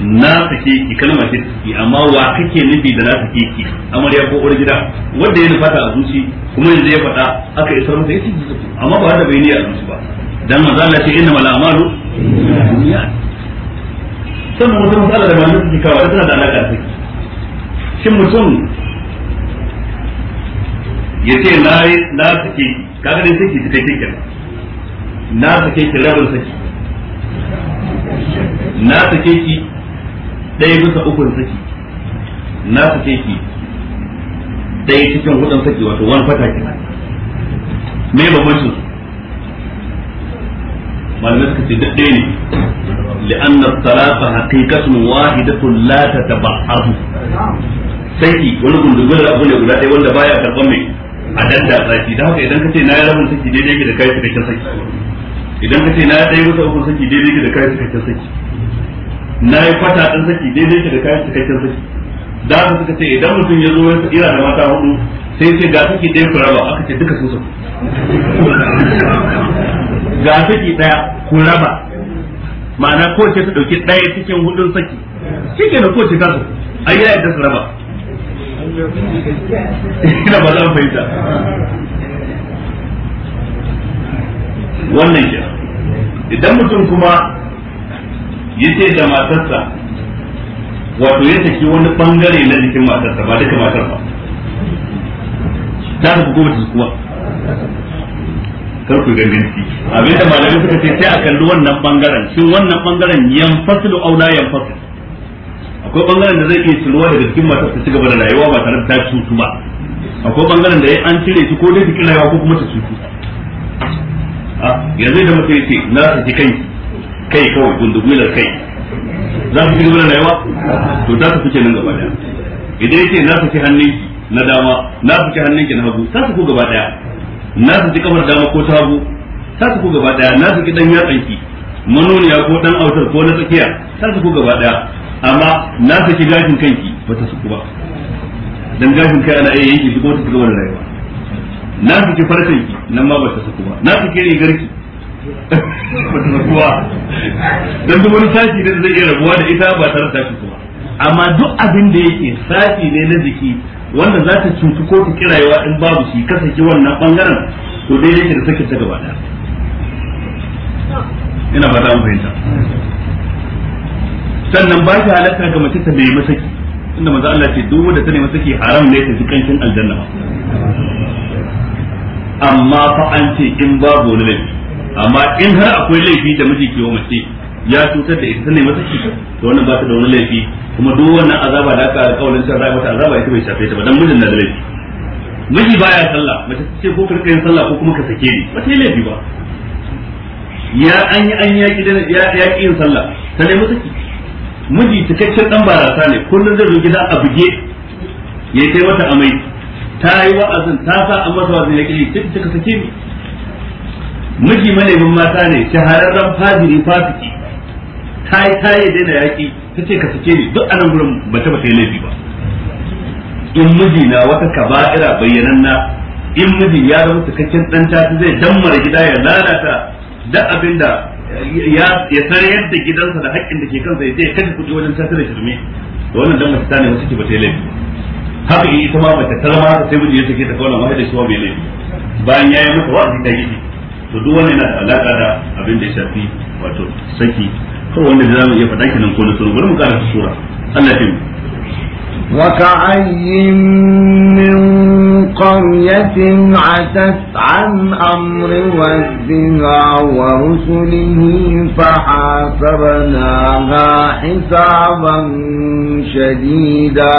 na sake ki kalma ce ki amma wa kake nufi da na sake ki amarya ko uwar gida wanda ya nufata a zuci kuma yanzu ya faɗa aka isar masa yace amma ba da bayani a zuci ba dan manzo Allah ce inna mal amalu sannan wata matsala da malamin suke kawo tana da alaƙa da shin mutum ya ce na na sake kaga dai ki take take na sake ki rabin sake na sake ki ɗaya bisa ukun saki na sake ki ɗaya cikin hudun saki wato wani fata kenan me bambancin su malamai suka ce daɗe ne li'anna salata haqiqatun wahidatun la tatabahu saki wani gundugun abu ne guda ɗaya wanda baya karban mai a danda saki da haka idan ka ce na yi rabin saki daidai ki da kai cikakken saki idan ka ce na yi ɗaya wata uku saki daidai ki da kai cikakken saki na yi kwata ɗin saki daidai shi da kayan cikakken saki da haka suka ce idan mutum ya zo ira da mata hudu sai ce ga saki ɗaya kuraba aka ce duka su su <laughs> ga saki ɗaya kuraba ma'ana ko ce ta ɗauki ɗaya cikin hudun saki shi ke da ko ce kasu a ya yadda su raba <laughs> ina ba za mu fahimta wannan ke idan mutum kuma yace da matarsa wato ya saki wani bangare na jikin matarsa ba duka matar ba ta tafi su kuwa kar ku ganganci abin da malamin suka ce sai a kalli wannan bangaren shin wannan bangaren yanfasilu aw la yanfasil akwai bangaren da zai iya tsiruwa daga jikin matarsa ta cigaba da rayuwa ba tare da ta cutu ba akwai bangaren da ya an cire shi ko dai jikin rayuwa ko kuma ta cutu ah, yanzu da mutum ya ce na saki kanki kai kawai gundugular kai za ku fi da yawa. to za ku fice nan gaba daya idan yake na ci hannunki na dama na ci hannunki na hagu ta ku gaba daya na ci kamar dama ko ta hagu ta ku gaba daya na saki dan yatsanki manoniya ko dan autar ko na tsakiya ta ku gaba daya amma na ci gashin kanki ba ta suku ba dan gashin kai ana iya yanki su wata gaba da rayuwa na saki farcenki nan ma ba ta suku ba na saki rigarki rabuwa don duk wani sashi ne zai iya rabuwa da ita ba tare da kuma amma duk abin da yake sashi ne na jiki wanda za ta cutu ko ta kirayewa in babu shi kasance wannan bangaren to dai yake da sakin ta gaba daya ina ba ta mu fahimta sannan ba shi halatta ga mace ta nemi saki inda manzo Allah ce duk wanda ta nemi saki haram ne ta ji kancin aljanna amma fa an ce in babu wani laifi amma in har akwai laifi da miji ke mace ya cutar da ita ne mata shi to wannan ba ta da wani laifi kuma duk wannan azaba da aka kaulin sai ta azaba ita bai shafe ta ba dan mijin na da laifi miji baya sallah mace ce ko karka yin sallah ko kuma ka sake ni ba sai laifi ba ya an yi an ya da ya yaki yin sallah ta nemi saki miji cikakken dan barasa ne kullun zai zo gida a buge ya kai wata amai ta yi wa'azin ta sa amma wa'azin ya cikin cikin sake ni miji manemin mata ne shahararren fajiri fasiki ta yi ta yi daina yaƙi ta ce ka sake ni duk anan gurin mace ba ta yi laifi ba in miji na wata kaba'ira na, in miji ya zama cikakken ɗan ta zai dammara gida ya lalata da da ya sarayar da gidansa da haƙƙin da ke kansa ya je kashe kuɗi wajen tasir da shirme da wannan dan mace ta ne wasu ke ba ta yi laifi haka ita ma mace ta zama haka sai miji ya take ta kawo na mahaifiyar shi ba mai laifi bayan ya yi mata wa'azi ta yi to duk wannan yana da alaka da abin da ya shafi wato saki to wanda da zamu iya faɗa kenan ko na sura bari mu karanta sura Allah ya وكأي من قرية عتت عن أمر ربها ورسله فحاسبناها حسابا شديدا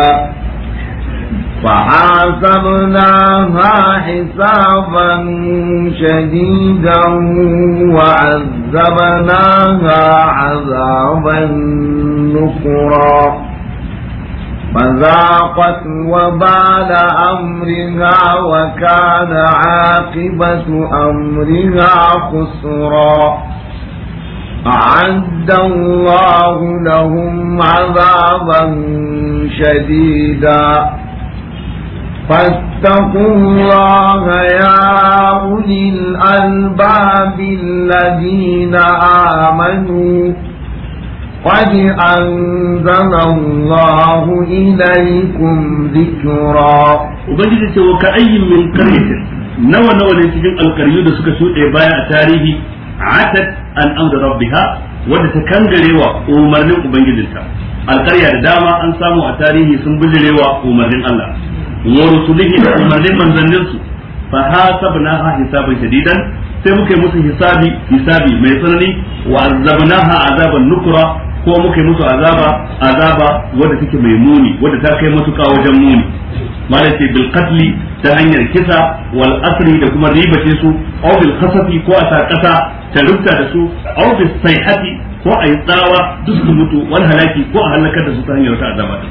فحاسبناها حسابا شديدا وعذبناها عذابا نكرا فذاقت وبال أمرها وكان عاقبة أمرها خسرا أعد الله لهم عذابا شديدا فاتقوا الله يا أولي الألباب الذين آمنوا قد أنزل الله إليكم ذكرا وبنجد وكأي من قرية نوى نوى نتجن القرية دسك سوء إباية تاريخي عتت عن أمر ربها wadda ta kangarewa umarnin ubangijinta alƙarya da dama an samu a tarihi sun bijirewa umarnin Allah wa rusulihi da umarnin manzannin su fa sai muka yi musu hisabi hisabi mai tsanani wa azabnaha azaban nukura ko muka yi musu azaba azaba wadda take mai muni wadda ta kai matuƙa wajen muni mana ce bil qatli ta hanyar kisa wal asri da kuma ribace su aw bil khasafi ko a kasa ta rubta da su aw bil sayhati ko a yi tsawa duk su mutu wal halaki ko a halakar da su ta hanyar ta azaba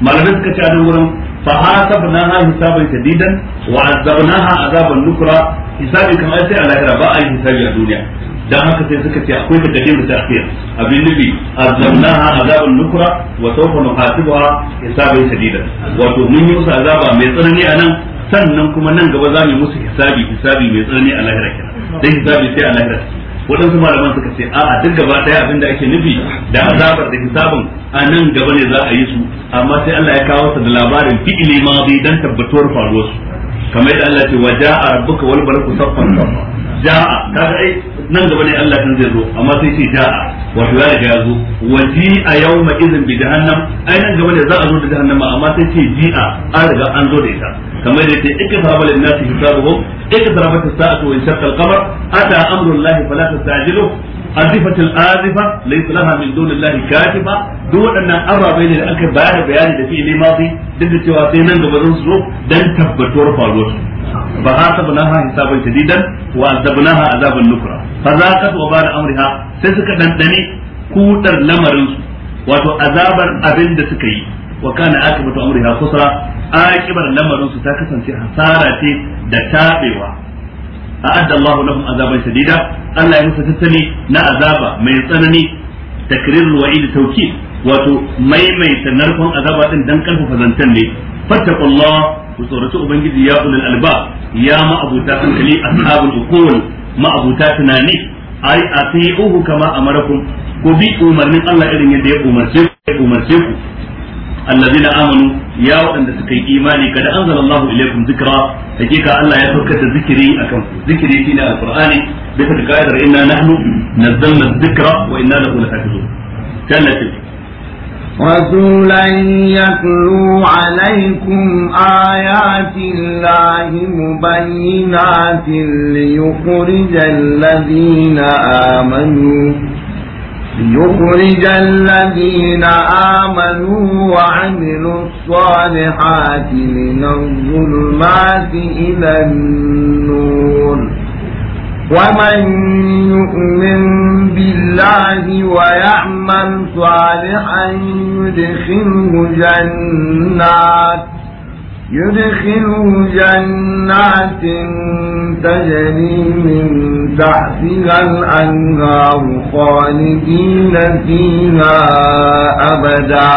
malamai suka ci a wurin فحاسبناها حسابا شديدا وعذبناها عذابا نكرا حسابي كما أتي على هنا بقى حسابي الدنيا dan haka sai suka ce akwai takaddum da ta'khir abin nubi azabnaha azaban nukra wa sawfa nuhasibuha hisaban shadidan wato mun yi musu azaba mai tsanani a nan sannan kuma nan gaba za mu yi musu hisabi hisabi mai tsanani a lahira kenan dan hisabi sai a lahira waɗansu malaman suka ce a'a duk gaba ɗaya abin da ake nufi da azabar da hisabin a nan gaba ne za a yi su amma sai Allah ya kawo su da labarin fi'ili madi dan tabbatuwar faruwar su kamar yadda Allah ce wa ja'a rabbuka wal malaku saffan ja'a kaga ai nan gaba ne Allah kan zai zo amma sai ce ja'a wato ya riga ya zo wa a yawma idhin bi jahannam ai nan gaba ne za a zo da jahannama amma sai ce ji'a an riga an zo da ita kamar da yake ikisaba lin nasi hisabuhum ikisaba as-sa'atu wa shaqqa al-qamar ata amru Allah fala tastajilu azifat al-azifa laysa laha min duni Allah katiba duk waɗannan ababai ne da aka bayar bayani da fi'ili madi duk da cewa sai nan gaba zan zo dan tabbatuwar faruwar ba hasabnaha hisaban shadidan wa azabnaha azaban nukra fa zaqat wa sai suka dandane kuɗar lamarin su wato azabar abin da suka yi wa kana akibatu amriha khusra akibar lamarin su ta kasance hasara ce da tabewa a'adda Allahu lahum azaban shadida Allah ya musu tattali na azaba mai tsanani takrirul wa'id tawkid wato maimaita narkon azaba din dan karfafa zantan ne fattaqullah ku tsoraci ubangiji ya ulul alba ya ma'abuta hankali ashabul uqul ma'abuta tunani ai atiuhu kama amarakum ku bi umarnin Allah irin yadda ya umarce ku allazina amanu ya waɗanda suka yi imani kada anzalallahu ilaikum zikra hakika Allah ya saukar da zikiri akan ku zikiri shine alqur'ani bisa ga kaidar inna nahnu nazzalna dhikra wa رسولا يتلو عليكم آيات الله مبينات ليخرج الذين آمنوا ليخرج الذين آمنوا وعملوا الصالحات من الظلمات إلى النور ومن يؤمن بالله ويعمل صالحا يدخله جنات يدخل جنات تجري من تحتها الأنهار خالدين فيها أبدا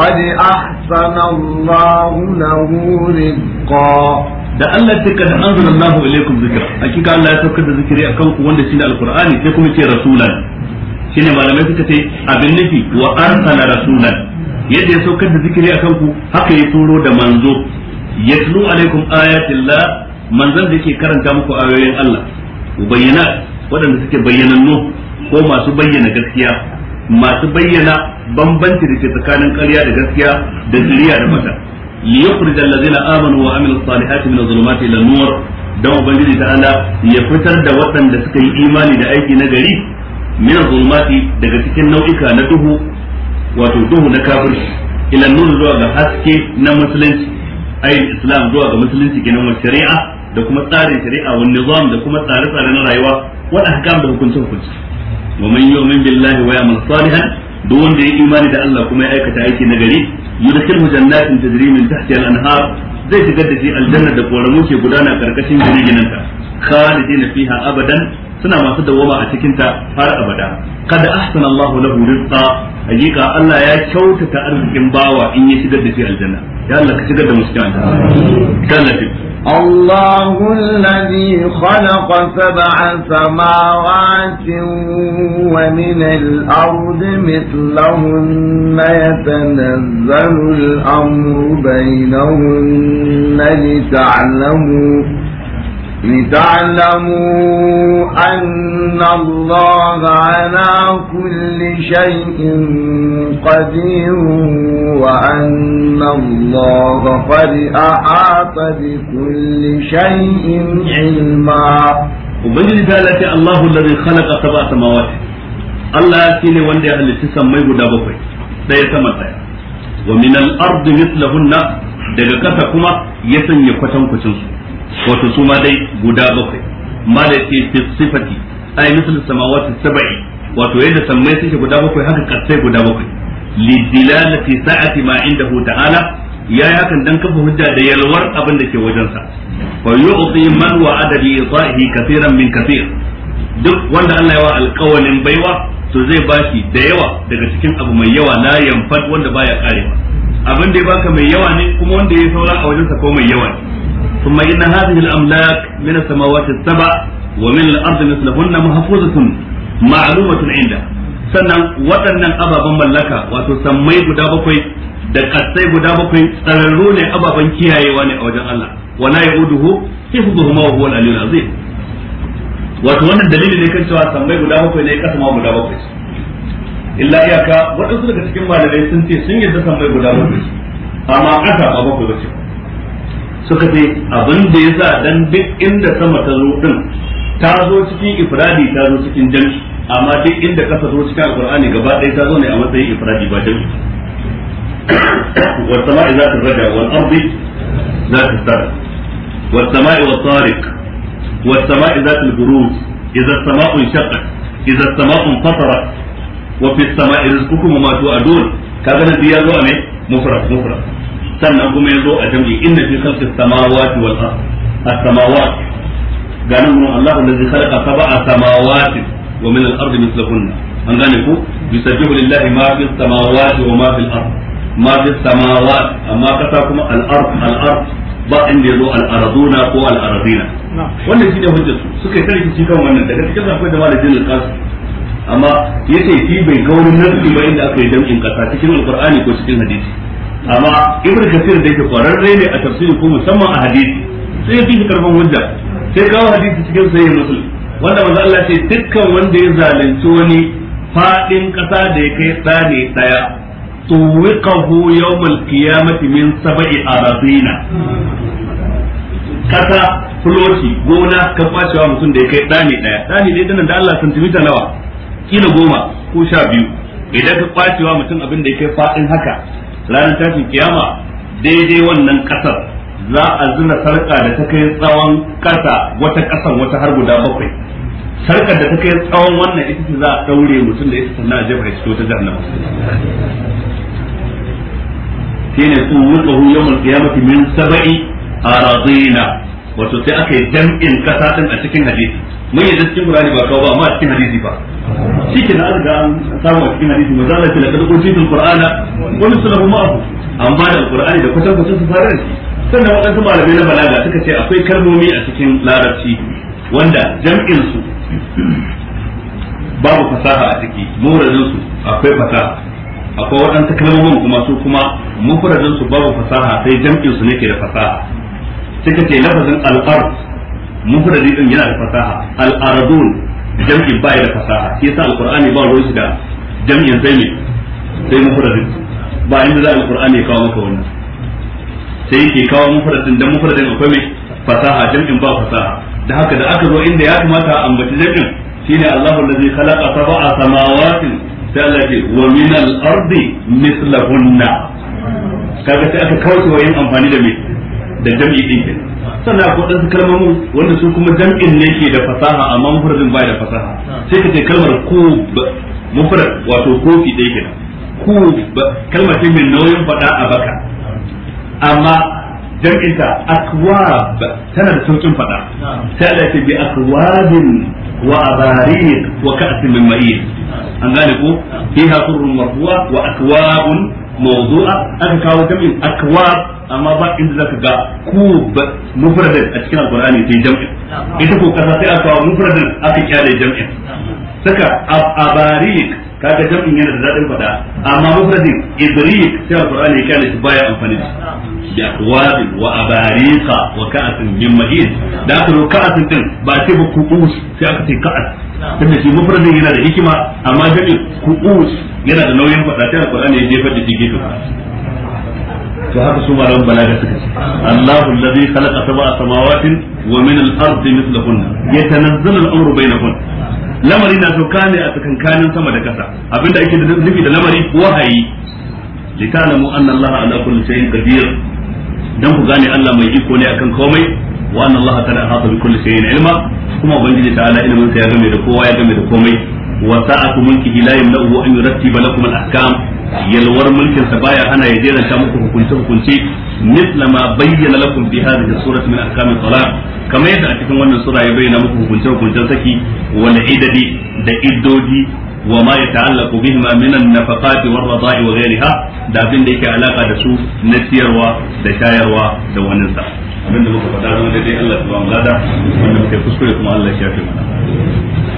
قد أحسن الله له رزقا da Allah ce kada anzala Allahu ilaikum zikra hakika Allah ya saukar da zikiri akan ku wanda shine alqur'ani sai kuma ce rasulan shine malamai suka ce abin nufi wa arsala rasulan yadda ya saukar da zikiri akan ku haka ya turo da manzo yatlu alaikum ayatillah manzon da yake karanta muku ayoyin Allah bayyana waɗanda suke bayyanannu ko masu bayyana gaskiya masu bayyana bambanci da ke tsakanin ƙarya da gaskiya da zuriya da mata li yukhrij allazina amanu wa amilus salihati min adh-dhulumati ila nur dan ubangiji allah ya fitar da waɗanda suka yi imani da aiki na gari min adh-dhulumati daga cikin nau'ika na duhu wato duhu na kafirci ila nuru zuwa ga haske na musulunci ayin islam zuwa ga musulunci kenan wa shari'a da kuma tsarin shari'a wa nizam da kuma tsare-tsare na rayuwa wa ahkam da hukuncin hukunci wa man yu'min billahi wa ya'mal salihan duk wanda ya imani da Allah kuma ya aikata aiki na gari yudkhilhu jannatin tajri min tahtiha al-anhar zai shigar da shi aljanna da koramu ke gudana karkashin gine-ginanta khalidina fiha abadan suna masu dawoma a cikin ta har abada kad ahsana Allahu lahu rizqa hakika Allah ya kyautata arzikin bawa in ya shigar da shi aljanna ya Allah ka shigar da mu cikin aljanna الله الذي خلق سبع سماوات ومن الأرض مثلهن يتنزل الأمر بينهن لتعلموا لتعلموا أن الله على كل شيء قدير وأن الله قد أحاط بكل شيء علما وبجل ذلك الله الذي خلق سبع سماوات الله سيني وندي أهل السسم ما يقول دابوكي دا يتمتع ومن الأرض مثلهن دقاتكما يسن kuma ya wato su ma dai guda bakwai ma da yake fi sifati ai misal samawati sab'i wato yadda sammai suke guda bakwai haka kasai guda bakwai lidilalati sa'ati ma indahu ta'ala ya hakan dan kafa hujja da yalwar abin da ke wajensa fa yu'ti man wa'ada bi itahi kaseeran min kaseer duk wanda Allah ya wa alƙawalin baiwa to zai baki da yawa daga cikin abu mai yawa na yanfad wanda baya karewa abin da ya baka mai yawa ne kuma wanda ya saura a wajensa ko mai yawa ne ثم إن هذه الأملاك من السماوات السبع ومن الأرض مثلهن محفوظة معلومة عنده sannan waɗannan ababen mallaka wato sammai guda bakwai da katsai guda bakwai tsararru ne ababen kiyayewa ne a wajen Allah wala yauduhu hifdhuhuma wa huwa al-aliyyul azim wato wannan dalili ne kan cewa sammai guda bakwai ne kasa guda bakwai illa iyaka waɗansu daga cikin malamai sun ce sun yadda sammai guda bakwai amma kasa ba bakwai bace ba suka ce abin da ya sa dan duk inda sama ta zo din ta zo cikin ifradi ta zo cikin jam'i amma duk inda kasa zo cikin alqur'ani gaba ɗaya ta zo ne a matsayin ifradi ba jam'i wa sama'i za ta raja wal ardi za ta tsara wa sama'i wa tariq wa sama'i za ta buruj idza sama'u shaqqat idza sama'u fatarat wa fi sama'i rizqukum ma tu'adun kaga nan ya zo ne mufrad mufrad sannan kuma ya zo a jam'i inna fi khalqis samawati wal ard as-samawat ganin mun Allah allazi khalaqa sab'a samawati wa min al-ard mithlahunna an gane ku yusabbihu lillahi ma fi samawati wa ma fil ard ma fi samawati amma kasa kuma al-ard al-ard ba inda yazo al-arduna ko al-ardina wannan shine hujjar su suka tarki shi kan wannan daga cikin akwai da malamin al-qasim amma yace shi bai ga wani nafsi ba inda aka yi jam'in kasa cikin alqur'ani ko cikin hadisi amma ibn kasir da yake kwararre ne a tafsiri ko musamman a hadisi sai ya fi karfin hujja sai kawo hadisi cikin sahih muslim wanda manzo Allah ce dukkan wanda ya zalunci wani fadin kasa da ya kai tsane daya tuwiqahu yawmal qiyamati min sab'i arazina kasa fuloci gona ka kwacewa mutum da ya kai tsane ɗaya tsane ɗaya dinan da Allah santimita nawa kila goma ko sha biyu idan ka kwacewa mutum abin da ya kai fadin haka ranar tashin kiyama daidai wannan kasar za a zina sarka da ta kai tsawon kasa wata kasan wata har guda bakwai sarkar da ta kai tsawon wannan ita ce za a daure mutum da ita sannan a jefa ya cikin wata jahannama shine su wuqahu yawmal qiyamati min a razina wato sai aka yi jam'in kasa din a cikin hadisi mun yi cikin Qur'ani ba kawo ba amma a cikin hadisi ba cikin ke na samu a cikin hadisi da Allah ya laqad utitul qur'ana wa mislahu an amma da qur'ani da kusan kusan su fara shi sannan waɗansu malamai na balaga suka ce akwai kalmomi a cikin larabci wanda jam'in su babu fasaha a ciki muradin su akwai fasaha akwai waɗansu kalmomin kuma su kuma mufradin su babu fasaha sai jam'insu su ne ke da fasaha suka ce lafazin al-ard din yana da fasaha al jam'in ba ya da fasaha shi yasa alqur'ani ba ruwan shi da jam'in sai ne sai mufradin ba inda za alqur'ani ya kawo maka wannan sai yake kawo mufradin dan mufradin akwai mai fasaha jam'in ba fasaha da haka da aka zo inda ya kamata a ambaci jam'in shine Allahu allazi khalaqa sab'a samawatin sai Allah ce wa min al-ardi mithlahunna kaga sai aka kauce wa yin amfani da mai da jam'i din ke sannan akwai wadansu kalmomi wanda su kuma jam'in ne ke da fasaha amma mufradin bai da fasaha sai ka ce kalmar ku mufrad wato kofi dai kenan ku kalmar ce mai nauyin fada a baka amma jam'in ta akwab tana da saukin fada sai Allah ce bi akwabin wa abarin wa ka'sin min ma'in an gane ko fiha surrun marfu'a wa akwabun mawdu'a aka kawo jam'in akwab amma ba inda zaka ga ku mufradin a cikin alqur'ani sai jam'i ita ko kaza sai aka kawo mufradin aka kyale jam'i saka abarik kaga jam'in yana da dadin fada amma mufradin idrik sai alqur'ani ya kyale shi baya amfani da aqwabi wa abariqa wa ka'atin min majid da aka ro ka'atin din ba sai ba ku'us sai aka ce ka'at tunda shi mufradin yana da hikima amma jami'in ku'us yana da nauyin fada sai alqur'ani ya jefa da shi gefe to haka su malaman balaga suka ce Allahu allazi khalaqa sab'a samawatin wa min al-ardi mithlahunna yatanazzalu al-amru bainahunna lamari na sauka ne a tsakankanin sama da kasa abinda ake nufi da lamari wahayi litalamu anna Allah ala kulli shay'in qadir dan ku gane Allah mai iko ne akan komai wa anna Allah kada ahata bi kulli shay'in ilma kuma ubangiji ta'ala ilmin sa ya game da kowa ya game da komai wa sa'atu mulkihi la yamna'u an yurattiba lakum al-ahkam yalwar mulkin sa baya hana ya jera ta muku hukunce hukunce misla bayyana lakum bi hadhihi surati min ahkam talaq kamar yadda a cikin wannan sura ya bayyana muku hukunce hukuncen saki wal idadi da iddodi wa ma yata'allaqu bihima min an-nafaqat war rada'i wa ghayriha da abinda da yake alaka da su na ciyarwa da shayarwa da wannan sa abin da muka faɗa zama daidai Allah ya ba mu lada wanda kuskure kuma Allah ya shafe mana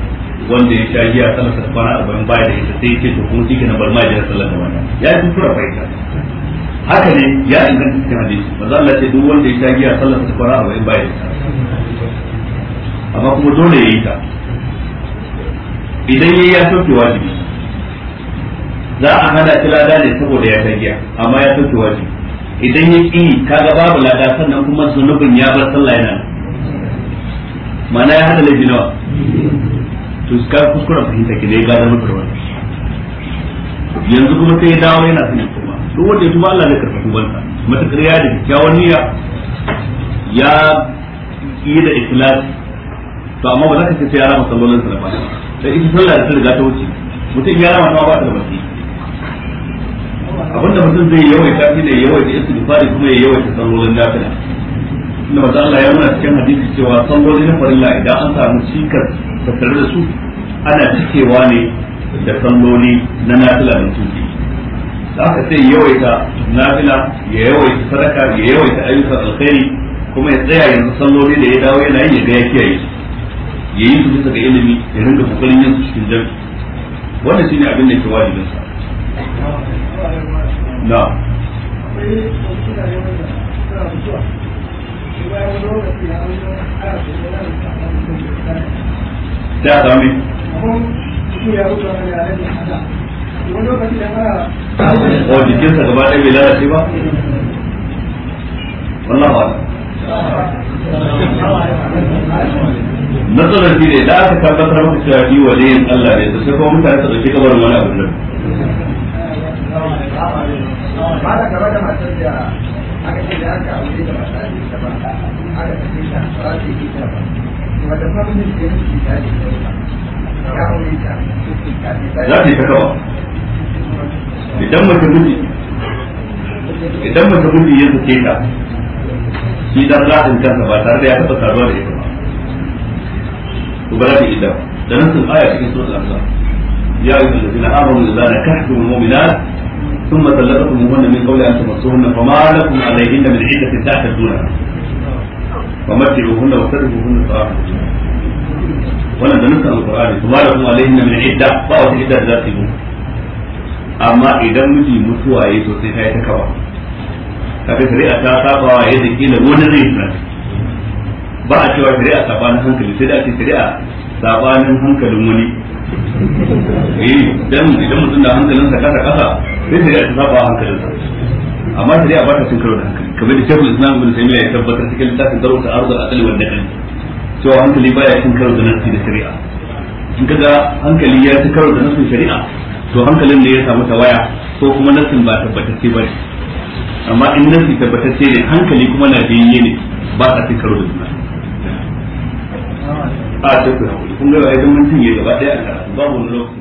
wanda ya sha giya sallar sa kwana arba'in baya da ita sai ya ce to kuma shi kenan bar ma ya sallar wannan ya yi kusura fahimta haka ne ya inganta cikin hadisi za Allah ce duk wanda ya sha giya sallar sa kwana arba'in baya da ita amma kuma dole ya yi ta idan ya yi ya sauke wajibi za a hana shi lada ne saboda ya sha giya amma ya sauke wajibi idan ya ka kaga babu lada sannan kuma zunubin ya bar sallah yana mana ya hada laifi nawa to ka kuskuren fahimta ki dai gadar maka wannan yanzu kuma sai ya dawo yana sanin kuma duk wanda ya tuba Allah zai karfafi tubansa matakar ya da kyakkyawan niyya ya yi da ikhlasi to amma ba za ka ce sai ya rama sallolinsa da ba sai ita sallah da ta riga ta wuce mutum ya rama ta ba ta da baki da mutum zai yawaita shi ne yawaita istighfari kuma ya yawaita sallolin nafila inda maza Allah ya nuna cikin hadisi cewa sallolin na farilla idan an samu cikar tattare da su ana cikewa ne da salloli na nafila da tuki da aka sai yawaita nafila ya yawaita sadaka ya yawaita ayyukan alkhairi kuma ya tsaya yanzu salloli da ya dawo yana yin ya ya kiyaye ya yi su bisa ga ilimi ya rinka kokarin yin su cikin jami wannan shine abin da ke wajibin sa na da a sami o oh, jikinsa gaba ɗaya bai lalace ba wallah ba nasarar shi ne da aka tabbatar maka cewa ni waliyin Allah ne sai kuma mutane su dauki kabarin wani abu nan aka da da mata ta ba aka za ta yi ta idan idan ta shi dan zaɗin kansa ba tare da ya taɓa saruwa da ita ba ku ba da ta da nan sun aya cikin sunan al ya ayyuhal ladina amanu idza nakahtum al mominan ثم طلقتموهن من قول أن تمسوهن فما لكم عليهن من عدة تعتدونها فمتعوهن وسرفوهن صراحة wannan da nufin alƙur'ani. kuma da kuma alaihin na min idda ba wata idda da za su yi amma idan miji mutuwa ya to sai ta yi ta kawa kaga shari'a ta sabawa yadda kila wani zai yi ba a cewa shari'a sabanin hankali sai da ake shari'a sabanin hankalin wani eh dan idan mutum da hankalinsa kasa kasa sai shari'a ta saba hankalinsa amma shari'a ba ta cin karo da hankali kamar da shekul islam ibn taymiya ya tabbatar cikin littafin zarwata arzul aqli wal naqli cewa hankali baya cin karo da nafsi da shari'a in kaga hankali ya ci karo da nafsin shari'a to hankalin ne ya samu tawaya ko kuma nafsin ba tabbatacce ba ne amma in nafsi tabbatacce ne hankali kuma na biyayye ne ba ta cin karo da juna a duk da kun ga ai mun cinye gaba ɗaya a karatu babu wani lokaci